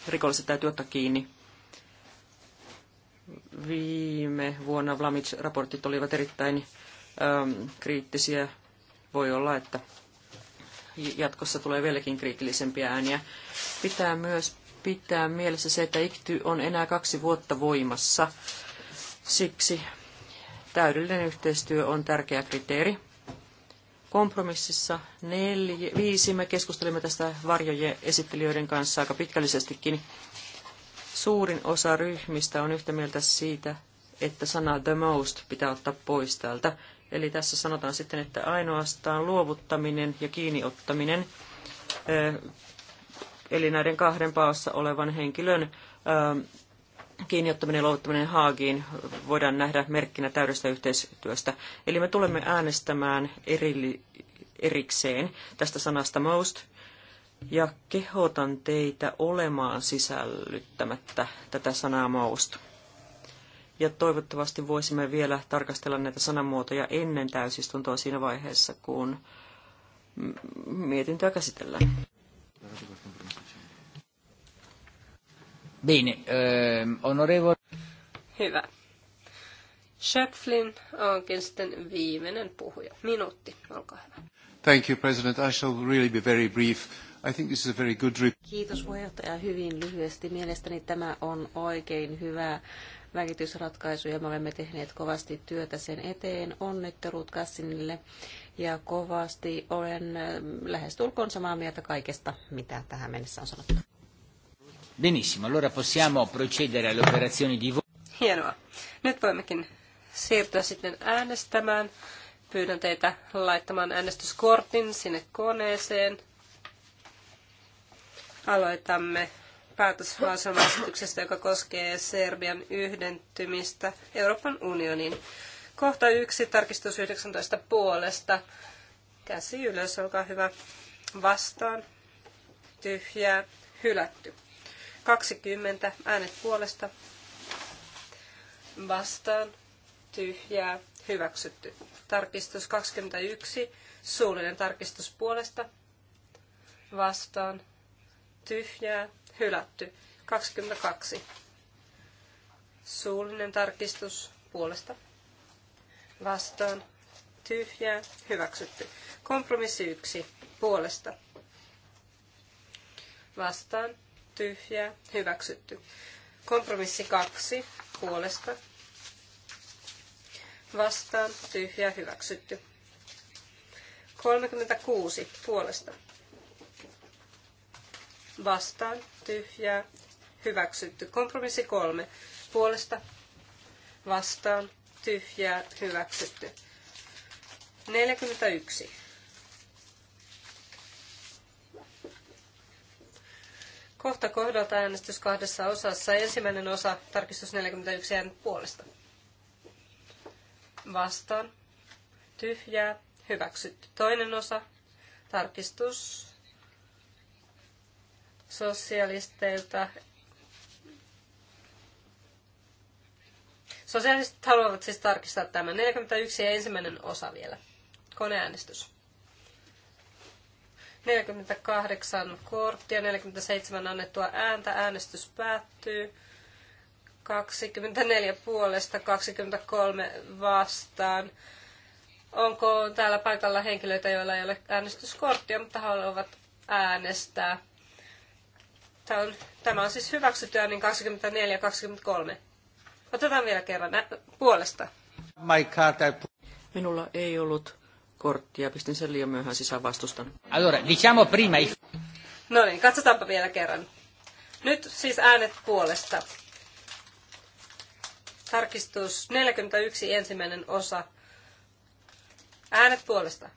Rikolliset täytyy ottaa kiinni. Viime vuonna Vlamic-raportit olivat erittäin äm, kriittisiä. Voi olla, että jatkossa tulee vieläkin kriittisempiä ääniä. Pitää myös pitää mielessä se, että IKTY on enää kaksi vuotta voimassa. Siksi täydellinen yhteistyö on tärkeä kriteeri. Kompromississa neljä, viisi me keskustelimme tästä varjojen esittelijöiden kanssa aika pitkällisestikin. Suurin osa ryhmistä on yhtä mieltä siitä, että sana the most pitää ottaa pois täältä. Eli tässä sanotaan sitten, että ainoastaan luovuttaminen ja kiinniottaminen, eli näiden kahden paossa olevan henkilön kiinniottaminen ja luovuttaminen Haagiin voidaan nähdä merkkinä täydestä yhteistyöstä. Eli me tulemme äänestämään eri, erikseen tästä sanasta most ja kehotan teitä olemaan sisällyttämättä tätä sanaa mausta. Ja toivottavasti voisimme vielä tarkastella näitä sanamuotoja ennen täysistuntoa siinä vaiheessa, kun mietintöä käsitellään. Bene, ähm, onorevo... Hyvä. Schöpflin onkin sitten viimeinen puhuja. Minuutti, olkaa hyvä. Thank you, President. I shall really be very brief. I think this is a very good Kiitos puheenjohtaja hyvin lyhyesti. Mielestäni tämä on oikein hyvä välitysratkaisu ja me olemme tehneet kovasti työtä sen eteen. Onnittelut Kassinille ja kovasti olen lähestulkoon samaa mieltä kaikesta, mitä tähän mennessä on sanottu. Benissimo, allora possiamo procedere alle operazioni di voto. Hienoa. Nyt voimmekin siirtyä sitten äänestämään. Pyydän teitä laittamaan äänestyskortin sinne koneeseen. Aloitamme päätöslauselmaesityksestä, joka koskee Serbian yhdentymistä Euroopan unioniin. Kohta yksi, tarkistus 19 puolesta. Käsi ylös, olkaa hyvä. Vastaan. Tyhjää. Hylätty. 20. Äänet puolesta. Vastaan. Tyhjää. Hyväksytty. Tarkistus 21. Suullinen tarkistus puolesta. Vastaan tyhjää, hylätty. 22. Suullinen tarkistus puolesta. Vastaan, tyhjää, hyväksytty. Kompromissi 1 puolesta. Vastaan, tyhjää, hyväksytty. Kompromissi 2 puolesta. Vastaan, tyhjää, hyväksytty. 36 puolesta vastaan, tyhjää, hyväksytty. Kompromissi kolme, puolesta, vastaan, tyhjää, hyväksytty. 41. Kohta kohdalta äänestys kahdessa osassa. Ensimmäinen osa, tarkistus 41 äänet puolesta. Vastaan. Tyhjää. Hyväksytty. Toinen osa, tarkistus sosialisteilta. Sosialistit haluavat siis tarkistaa tämän 41 ja ensimmäinen osa vielä. Koneäänestys. 48 korttia, 47 annettua ääntä, äänestys päättyy. 24 puolesta, 23 vastaan. Onko täällä paikalla henkilöitä, joilla ei ole äänestyskorttia, mutta haluavat äänestää? Tämä on, tämä on siis hyväksytty niin 24-23. Otetaan vielä kerran nä- puolesta. My Minulla ei ollut korttia. Pistin sen liian myöhään sisään vastustan. Allora, diciamo prima... No niin, katsotaanpa vielä kerran. Nyt siis äänet puolesta. Tarkistus 41 ensimmäinen osa. Äänet puolesta.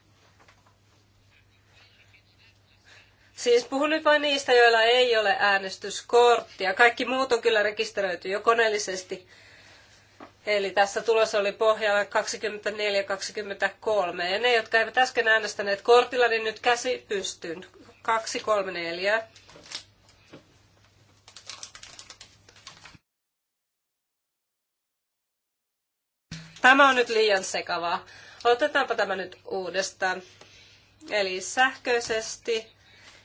Siis puhun nyt vain niistä, joilla ei ole äänestyskorttia. Kaikki muut on kyllä rekisteröity jo koneellisesti. Eli tässä tulos oli pohjalla 24-23. Ja ne, jotka eivät äsken äänestäneet kortilla, niin nyt käsi pystyyn. 2, 3, 4. Tämä on nyt liian sekavaa. Otetaanpa tämä nyt uudestaan. Eli sähköisesti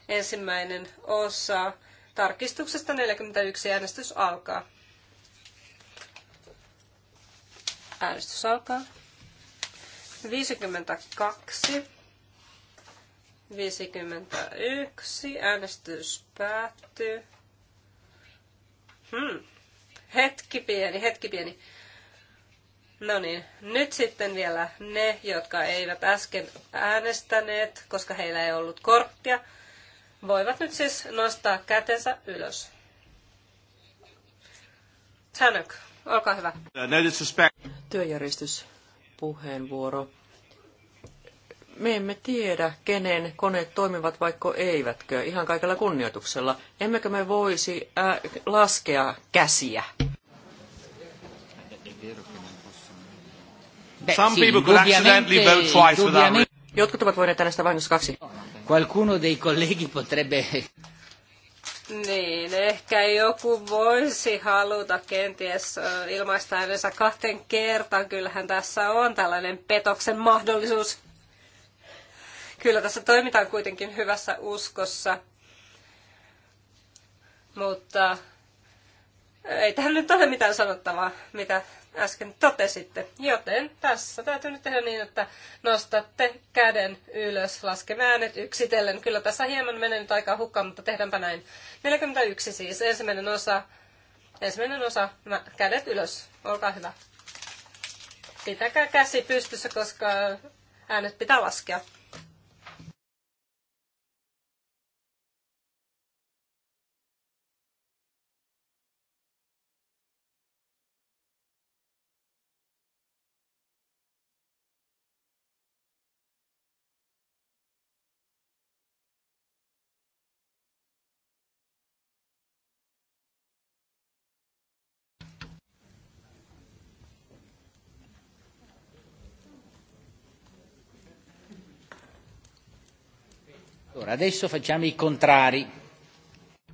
ensimmäinen osa tarkistuksesta 41 äänestys alkaa. Äänestys alkaa. 52. 51. Äänestys päättyy. Hmm. Hetki pieni, hetki pieni. No niin, nyt sitten vielä ne, jotka eivät äsken äänestäneet, koska heillä ei ollut korttia voivat nyt siis nostaa kätensä ylös. Tanuk, olkaa hyvä. Uh, no Työjärjestys, puheenvuoro. Me emme tiedä, kenen koneet toimivat vaikka eivätkö, ihan kaikella kunnioituksella. Emmekö me voisi ää, äh, laskea käsiä? Some people could accidentally vote twice without Jotkut ovat voineet äänestää vahingossa kaksi. Qualcuno dei colleghi potrebbe... Niin, ehkä joku voisi haluta kenties ilmaista äänensä kahteen kertaan. Kyllähän tässä on tällainen petoksen mahdollisuus. Kyllä tässä toimitaan kuitenkin hyvässä uskossa. Mutta ei tähän nyt ole mitään sanottavaa, mitä äsken totesitte. Joten tässä täytyy nyt tehdä niin, että nostatte käden ylös, laskemme äänet yksitellen. Kyllä tässä hieman menee nyt aikaa hukkaan, mutta tehdäänpä näin. 41 siis, ensimmäinen osa, ensimmäinen osa, kädet ylös, olkaa hyvä. Pitäkää käsi pystyssä, koska äänet pitää laskea. Allora, adesso facciamo i contrari.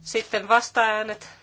Sitten vastaäänet.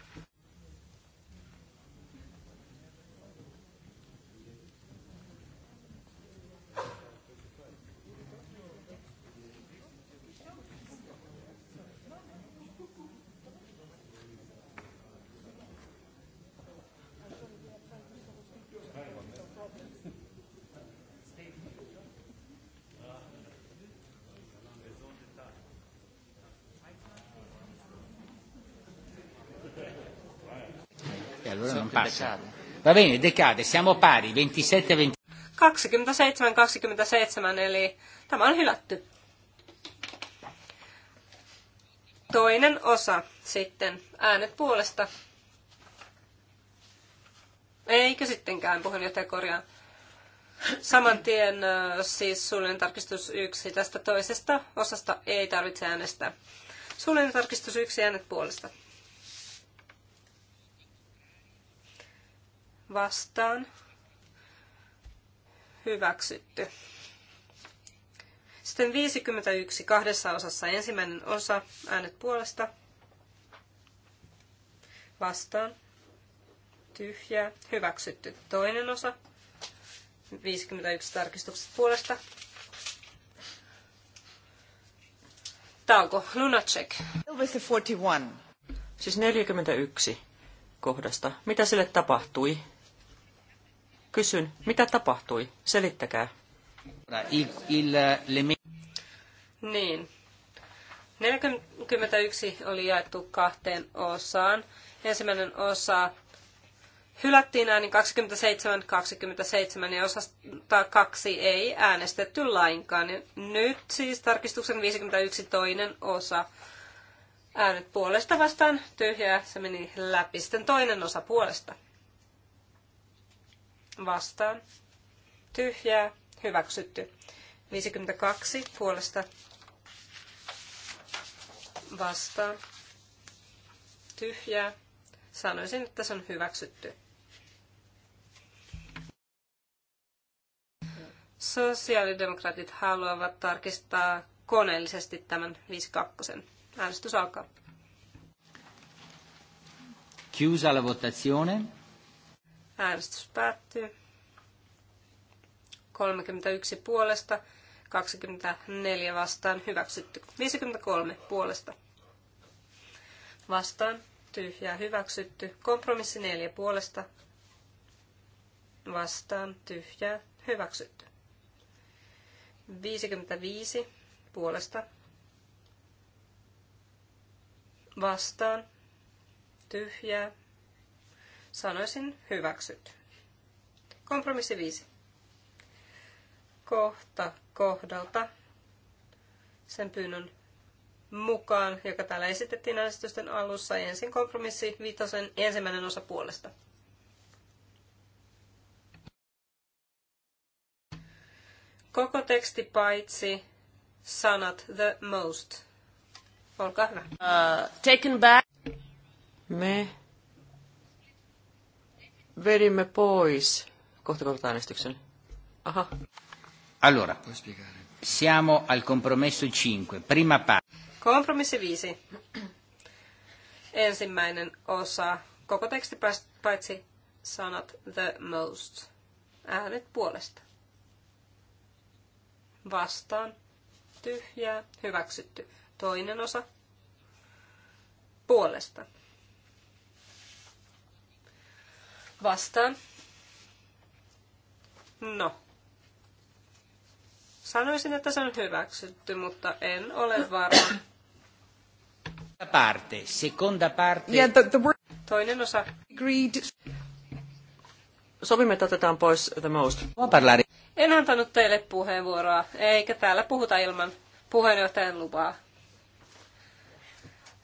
Va bene, decade, siamo pari, 27 27. 27, 27, eli tämä on hylätty. Toinen osa sitten, äänet puolesta. Eikö sittenkään, puheenjohtaja korjaa. Saman tien siis suullinen tarkistus 1 tästä toisesta osasta ei tarvitse äänestää. Suullinen tarkistus 1 äänet puolesta vastaan hyväksytty. Sitten 51 kahdessa osassa ensimmäinen osa äänet puolesta vastaan tyhjää hyväksytty. Toinen osa 51 tarkistukset puolesta Tauko, Lunacek. Ilvesi 41. Siis 41 kohdasta. Mitä sille tapahtui? Kysyn, mitä tapahtui? Selittäkää. Niin. 41 oli jaettu kahteen osaan. Ensimmäinen osa hylättiin äänin 27-27 ja osasta kaksi ei äänestetty lainkaan. Nyt siis tarkistuksen 51 toinen osa. Äänet puolesta vastaan tyhjää, se meni läpi. Sitten toinen osa puolesta vastaan, tyhjää, hyväksytty. 52 puolesta vastaan, tyhjää, sanoisin, että se on hyväksytty. Sosiaalidemokraatit haluavat tarkistaa koneellisesti tämän 52. Äänestys alkaa. Chiusa la votazione. Äänestys päättyy. 31 puolesta, 24 vastaan hyväksytty. 53 puolesta vastaan tyhjää hyväksytty. Kompromissi 4 puolesta vastaan tyhjää hyväksytty. 55 puolesta vastaan tyhjää Sanoisin hyväksyt Kompromissi 5. Kohta kohdalta sen pyynnön mukaan, joka täällä esitettiin äänestysten alussa, ensin kompromissi viitosen ensimmäinen osa puolesta. Koko teksti paitsi sanat the most. Olkaa hyvä. Uh, taken back. Me Vedimme pois kohta kohta äänestyksen. Aha. Allora, siamo al compromesso 5, prima parte. Kompromissi 5. Ensimmäinen osa. Koko teksti paitsi sanat the most. Äänet puolesta. Vastaan. Tyhjää. Hyväksytty. Toinen osa. Puolesta. Vastaan. No. Sanoisin, että se on hyväksytty, mutta en ole varma. Parte, seconda parte. Yeah, the, the word... Toinen osa. Agreed. Sovimme, että otetaan pois the most. En antanut teille puheenvuoroa, eikä täällä puhuta ilman puheenjohtajan lupaa.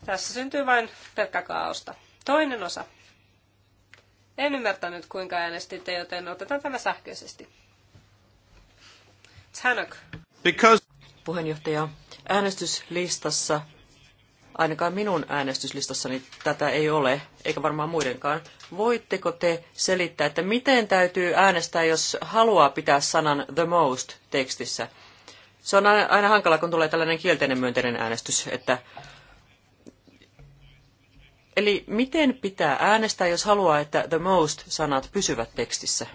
Tässä syntyy vain pelkkä kaaosta. Toinen osa. En ymmärtänyt, kuinka äänestitte, joten otetaan tämä sähköisesti. Tanok. Because... Puheenjohtaja, äänestyslistassa, ainakaan minun äänestyslistassani tätä ei ole, eikä varmaan muidenkaan. Voitteko te selittää, että miten täytyy äänestää, jos haluaa pitää sanan the most tekstissä? Se on aina hankala, kun tulee tällainen kielteinen myönteinen äänestys, että Eli miten pitää äänestää, jos haluaa, että the most-sanat pysyvät tekstissä?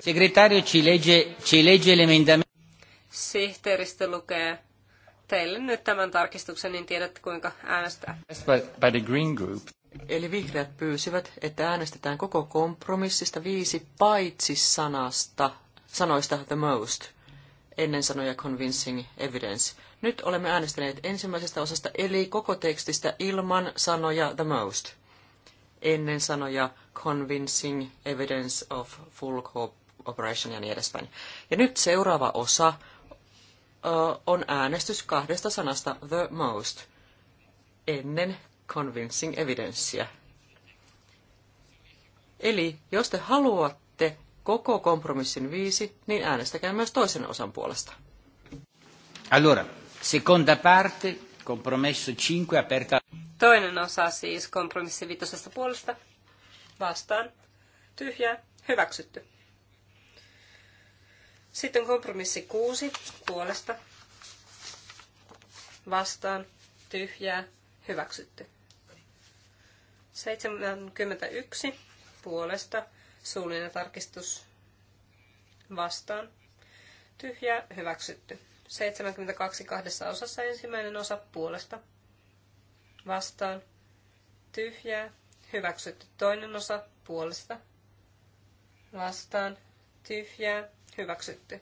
Segretario ci legge, ci legge Sihteeristö lukee teille nyt tämän tarkistuksen, niin tiedätte kuinka äänestää. By, the Green Group. Eli vihreät pyysivät, että äänestetään koko kompromissista viisi paitsi sanasta, sanoista the most ennen sanoja convincing evidence. Nyt olemme äänestäneet ensimmäisestä osasta, eli koko tekstistä ilman sanoja the most. Ennen sanoja convincing evidence of full cooperation ja niin edespäin. Ja nyt seuraava osa on äänestys kahdesta sanasta the most ennen convincing evidenceä. Eli jos te haluatte koko kompromissin viisi, niin äänestäkää myös toisen osan puolesta. Allora, seconda parte, compromesso 5, aperta. Toinen osa siis kompromissi viitosesta puolesta. Vastaan. Tyhjää. Hyväksytty. Sitten kompromissi 6 puolesta. Vastaan. Tyhjää. Hyväksytty. 71 puolesta Suullinen tarkistus vastaan. Tyhjä hyväksytty. 72 kahdessa osassa ensimmäinen osa puolesta. Vastaan. Tyhjää. Hyväksytty toinen osa puolesta. Vastaan. Tyhjää. Hyväksytty.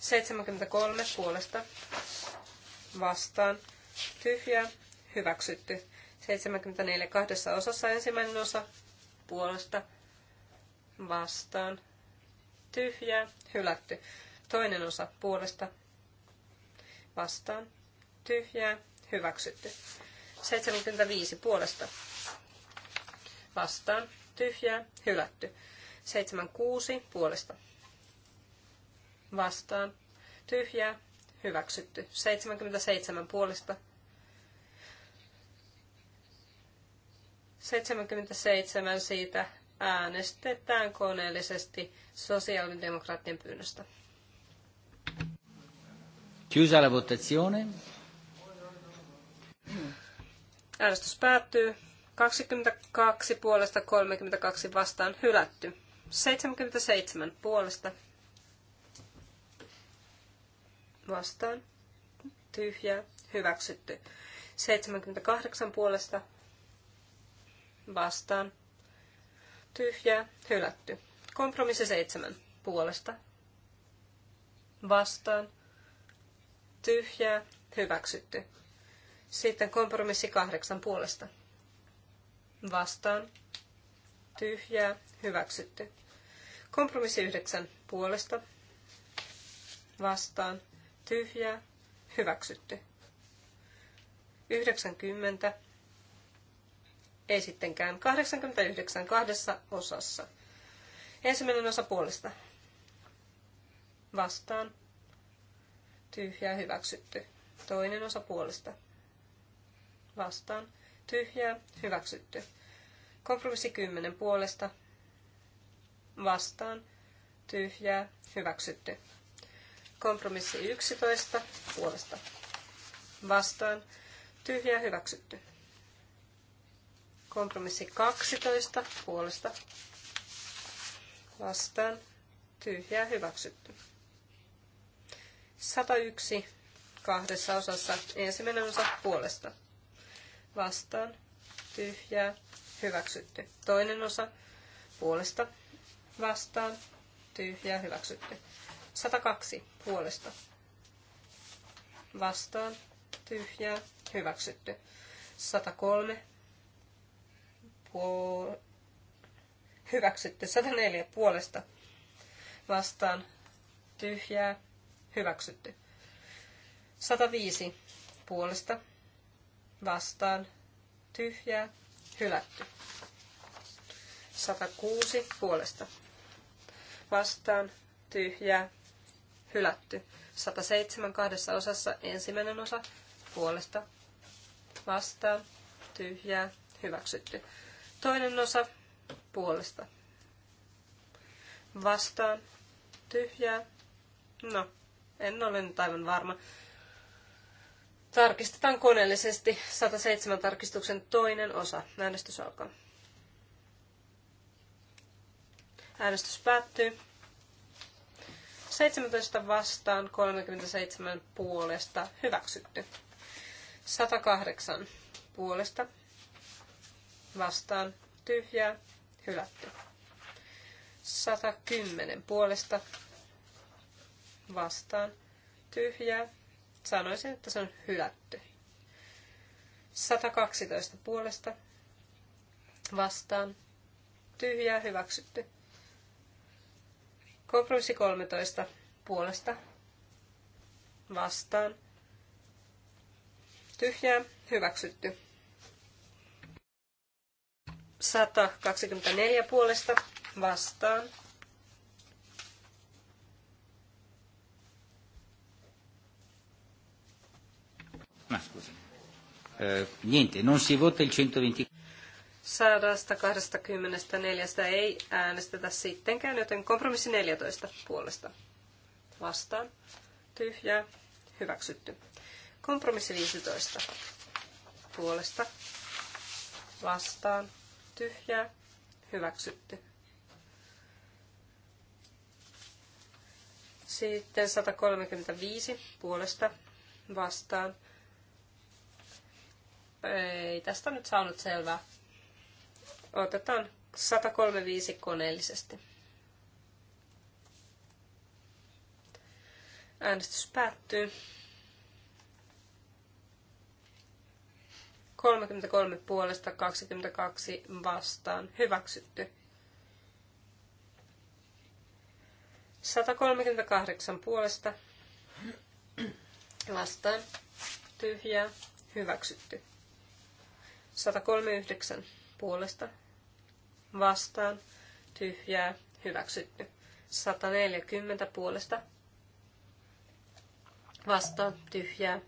73 puolesta. Vastaan. Tyhjää. Hyväksytty. 74 kahdessa osassa ensimmäinen osa puolesta vastaan, tyhjää, hylätty. Toinen osa puolesta vastaan, tyhjää, hyväksytty. 75 puolesta vastaan, tyhjää, hylätty. 76 puolesta vastaan, tyhjää, hyväksytty. 77 puolesta 77 siitä äänestetään koneellisesti sosiaalidemokraattien pyynnöstä. Chiusa la votazione. Äänestys päättyy. 22 puolesta 32 vastaan hylätty. 77 puolesta vastaan tyhjä hyväksytty. 78 puolesta vastaan tyhjää, hylätty. Kompromissi seitsemän puolesta vastaan tyhjää, hyväksytty. Sitten kompromissi kahdeksan puolesta vastaan tyhjää, hyväksytty. Kompromissi yhdeksän puolesta vastaan tyhjää, hyväksytty. 90 ei sittenkään. 89 kahdessa osassa. Ensimmäinen osa puolesta. Vastaan. Tyhjää hyväksytty. Toinen osa puolesta. Vastaan. Tyhjää hyväksytty. Kompromissi 10 puolesta. Vastaan. Tyhjää hyväksytty. Kompromissi 11 puolesta. Vastaan. Tyhjää hyväksytty. Kompromissi 12 puolesta vastaan tyhjää hyväksytty. 101 kahdessa osassa ensimmäinen osa puolesta vastaan tyhjää hyväksytty. Toinen osa puolesta vastaan tyhjää hyväksytty. 102 puolesta vastaan tyhjää hyväksytty. 103 hyväksytty. 104 puolesta vastaan tyhjää hyväksytty. 105 puolesta vastaan tyhjää hylätty. 106 puolesta vastaan tyhjää hylätty. 107 kahdessa osassa ensimmäinen osa puolesta vastaan tyhjää hyväksytty. Toinen osa puolesta. Vastaan. Tyhjää. No, en ole nyt aivan varma. Tarkistetaan koneellisesti 107 tarkistuksen toinen osa. Äänestys alkaa. Äänestys päättyy. 17 vastaan, 37 puolesta hyväksytty. 108 puolesta vastaan tyhjää hylätty. 110 puolesta vastaan tyhjää. Sanoisin, että se on hylätty. 112 puolesta vastaan tyhjää hyväksytty. Kompromissi 13 puolesta vastaan tyhjää hyväksytty. 124 puolesta vastaan. eh, niente, non si vota il 124. 124 ei äänestetä sittenkään, joten kompromissi 14 puolesta. Vastaan. tyhjä Hyväksytty. Kompromissi 15 puolesta. Vastaan tyhjää, hyväksytty. Sitten 135 puolesta vastaan. Ei tästä nyt saanut selvää. Otetaan 135 koneellisesti. Äänestys päättyy. 33 puolesta 22 vastaan. Hyväksytty. 138 puolesta vastaan. Tyhjää. Hyväksytty. 139 puolesta vastaan. Tyhjää. Hyväksytty. 140 puolesta vastaan. Tyhjää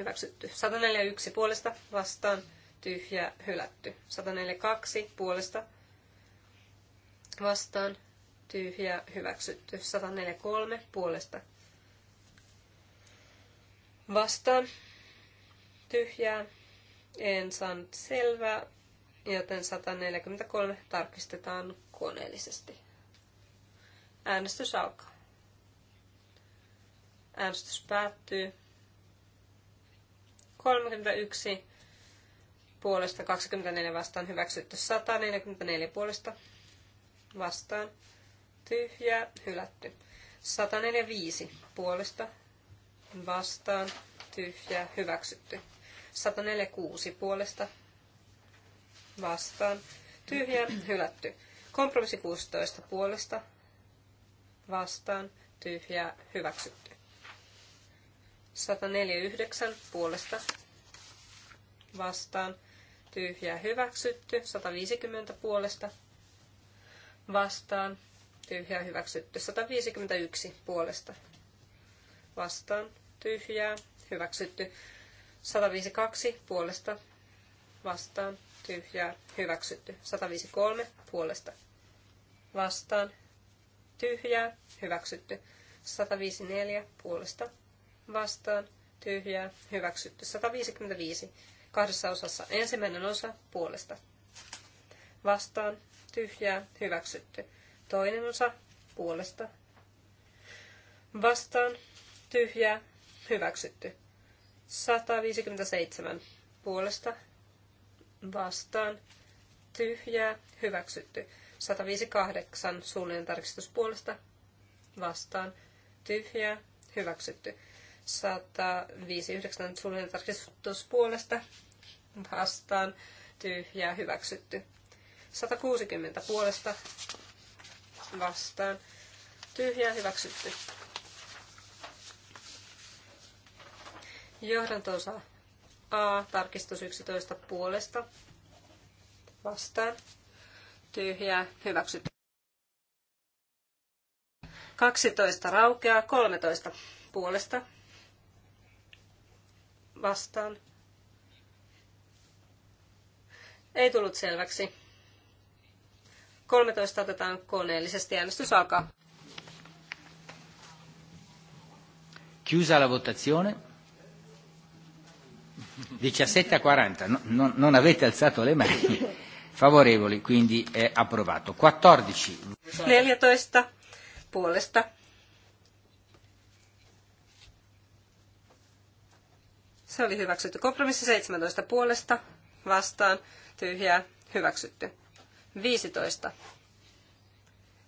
hyväksytty. 141 puolesta vastaan tyhjä hylätty. 142 puolesta vastaan tyhjä hyväksytty. 143 puolesta vastaan tyhjää. En saanut selvää, joten 143 tarkistetaan koneellisesti. Äänestys alkaa. Äänestys päättyy. 31 puolesta 24 vastaan hyväksytty 144 puolesta vastaan tyhjää hylätty. 145 puolesta vastaan tyhjää hyväksytty. 146 puolesta vastaan tyhjää hylätty. Kompromissi 16 puolesta vastaan tyhjää hyväksytty. 149 puolesta vastaan tyhjää hyväksytty. 150 puolesta vastaan tyhjää hyväksytty. 151 puolesta vastaan tyhjää hyväksytty. 152 puolesta vastaan tyhjää hyväksytty. 153 puolesta vastaan tyhjää hyväksytty. 154 puolesta vastaan, tyhjää, hyväksytty. 155 kahdessa osassa. Ensimmäinen osa puolesta vastaan, tyhjää, hyväksytty. Toinen osa puolesta vastaan, tyhjää, hyväksytty. 157 puolesta vastaan, tyhjää, hyväksytty. 158 suullinen tarkistus puolesta vastaan, tyhjää, hyväksytty. 159 suullinen tarkistus puolesta vastaan tyhjää hyväksytty. 160 puolesta vastaan tyhjää hyväksytty. Johdantosa A, tarkistus 11 puolesta vastaan tyhjää hyväksytty. 12 raukeaa, 13 puolesta vastaan. Ei tullut selväksi. 13 otetaan koneellisesti. Äänestys alkaa. Chiusa la votazione. 17.40. E no, no, non avete alzato le mani. Favorevoli, quindi è approvato. 14. 14 puolesta Se oli hyväksytty. Kompromissi 17 puolesta vastaan tyhjää hyväksytty. 15.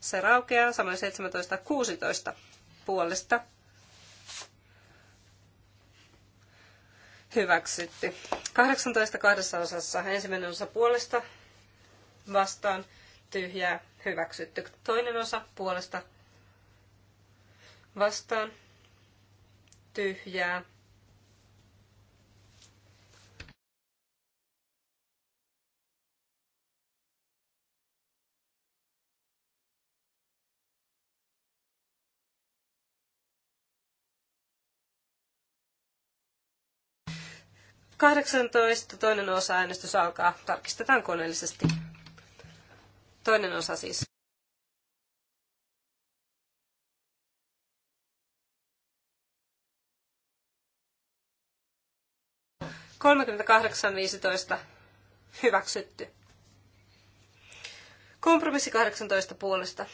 Se raukeaa samoin 17 16 puolesta hyväksytty. 18 kahdessa osassa ensimmäinen osa puolesta vastaan tyhjää hyväksytty. Toinen osa puolesta vastaan tyhjää 18. Toinen osa äänestys alkaa. Tarkistetaan koneellisesti. Toinen osa siis. Kolmekymmentä hyväksytty. Kompromissi 18 puolesta.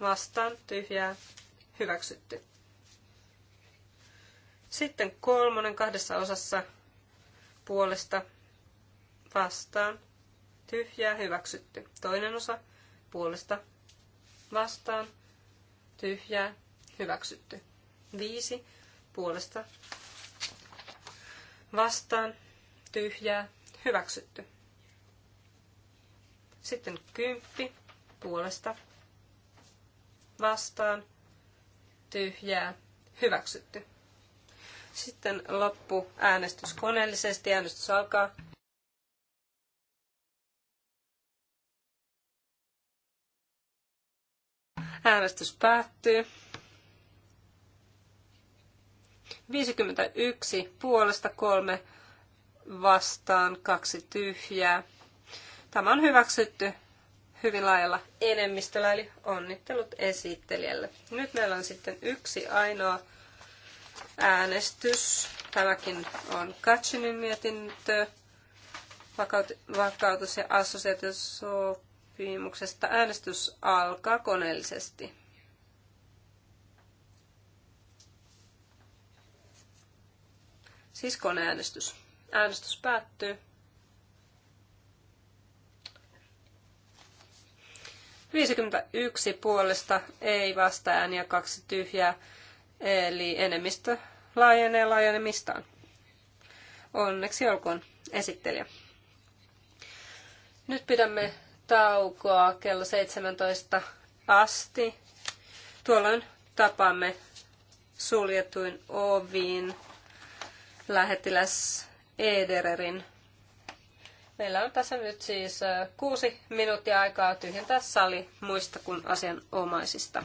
Vastaan tyhjää hyväksytty. Sitten kolmonen kahdessa osassa puolesta vastaan tyhjää hyväksytty. Toinen osa puolesta vastaan tyhjää hyväksytty. Viisi puolesta vastaan tyhjää hyväksytty. Sitten kymppi puolesta vastaan tyhjää hyväksytty. Sitten loppu äänestys koneellisesti. Äänestys alkaa. Äänestys päättyy. 51 puolesta kolme vastaan, kaksi tyhjää. Tämä on hyväksytty hyvin laajalla enemmistöllä, eli onnittelut esittelijälle. Nyt meillä on sitten yksi ainoa äänestys. Tämäkin on Katsinin mietintö vakautus- ja assosiaatiosopimuksesta. Äänestys alkaa koneellisesti. Siis koneäänestys. Äänestys päättyy. 51 puolesta, ei ääniä, kaksi tyhjää. Eli enemmistö laajenee laajenemistaan. Onneksi olkoon esittelijä. Nyt pidämme taukoa kello 17 asti. Tuolloin tapaamme suljetuin oviin lähettiläs Edererin. Meillä on tässä nyt siis äh, kuusi minuuttia aikaa tyhjentää sali muista kuin asianomaisista.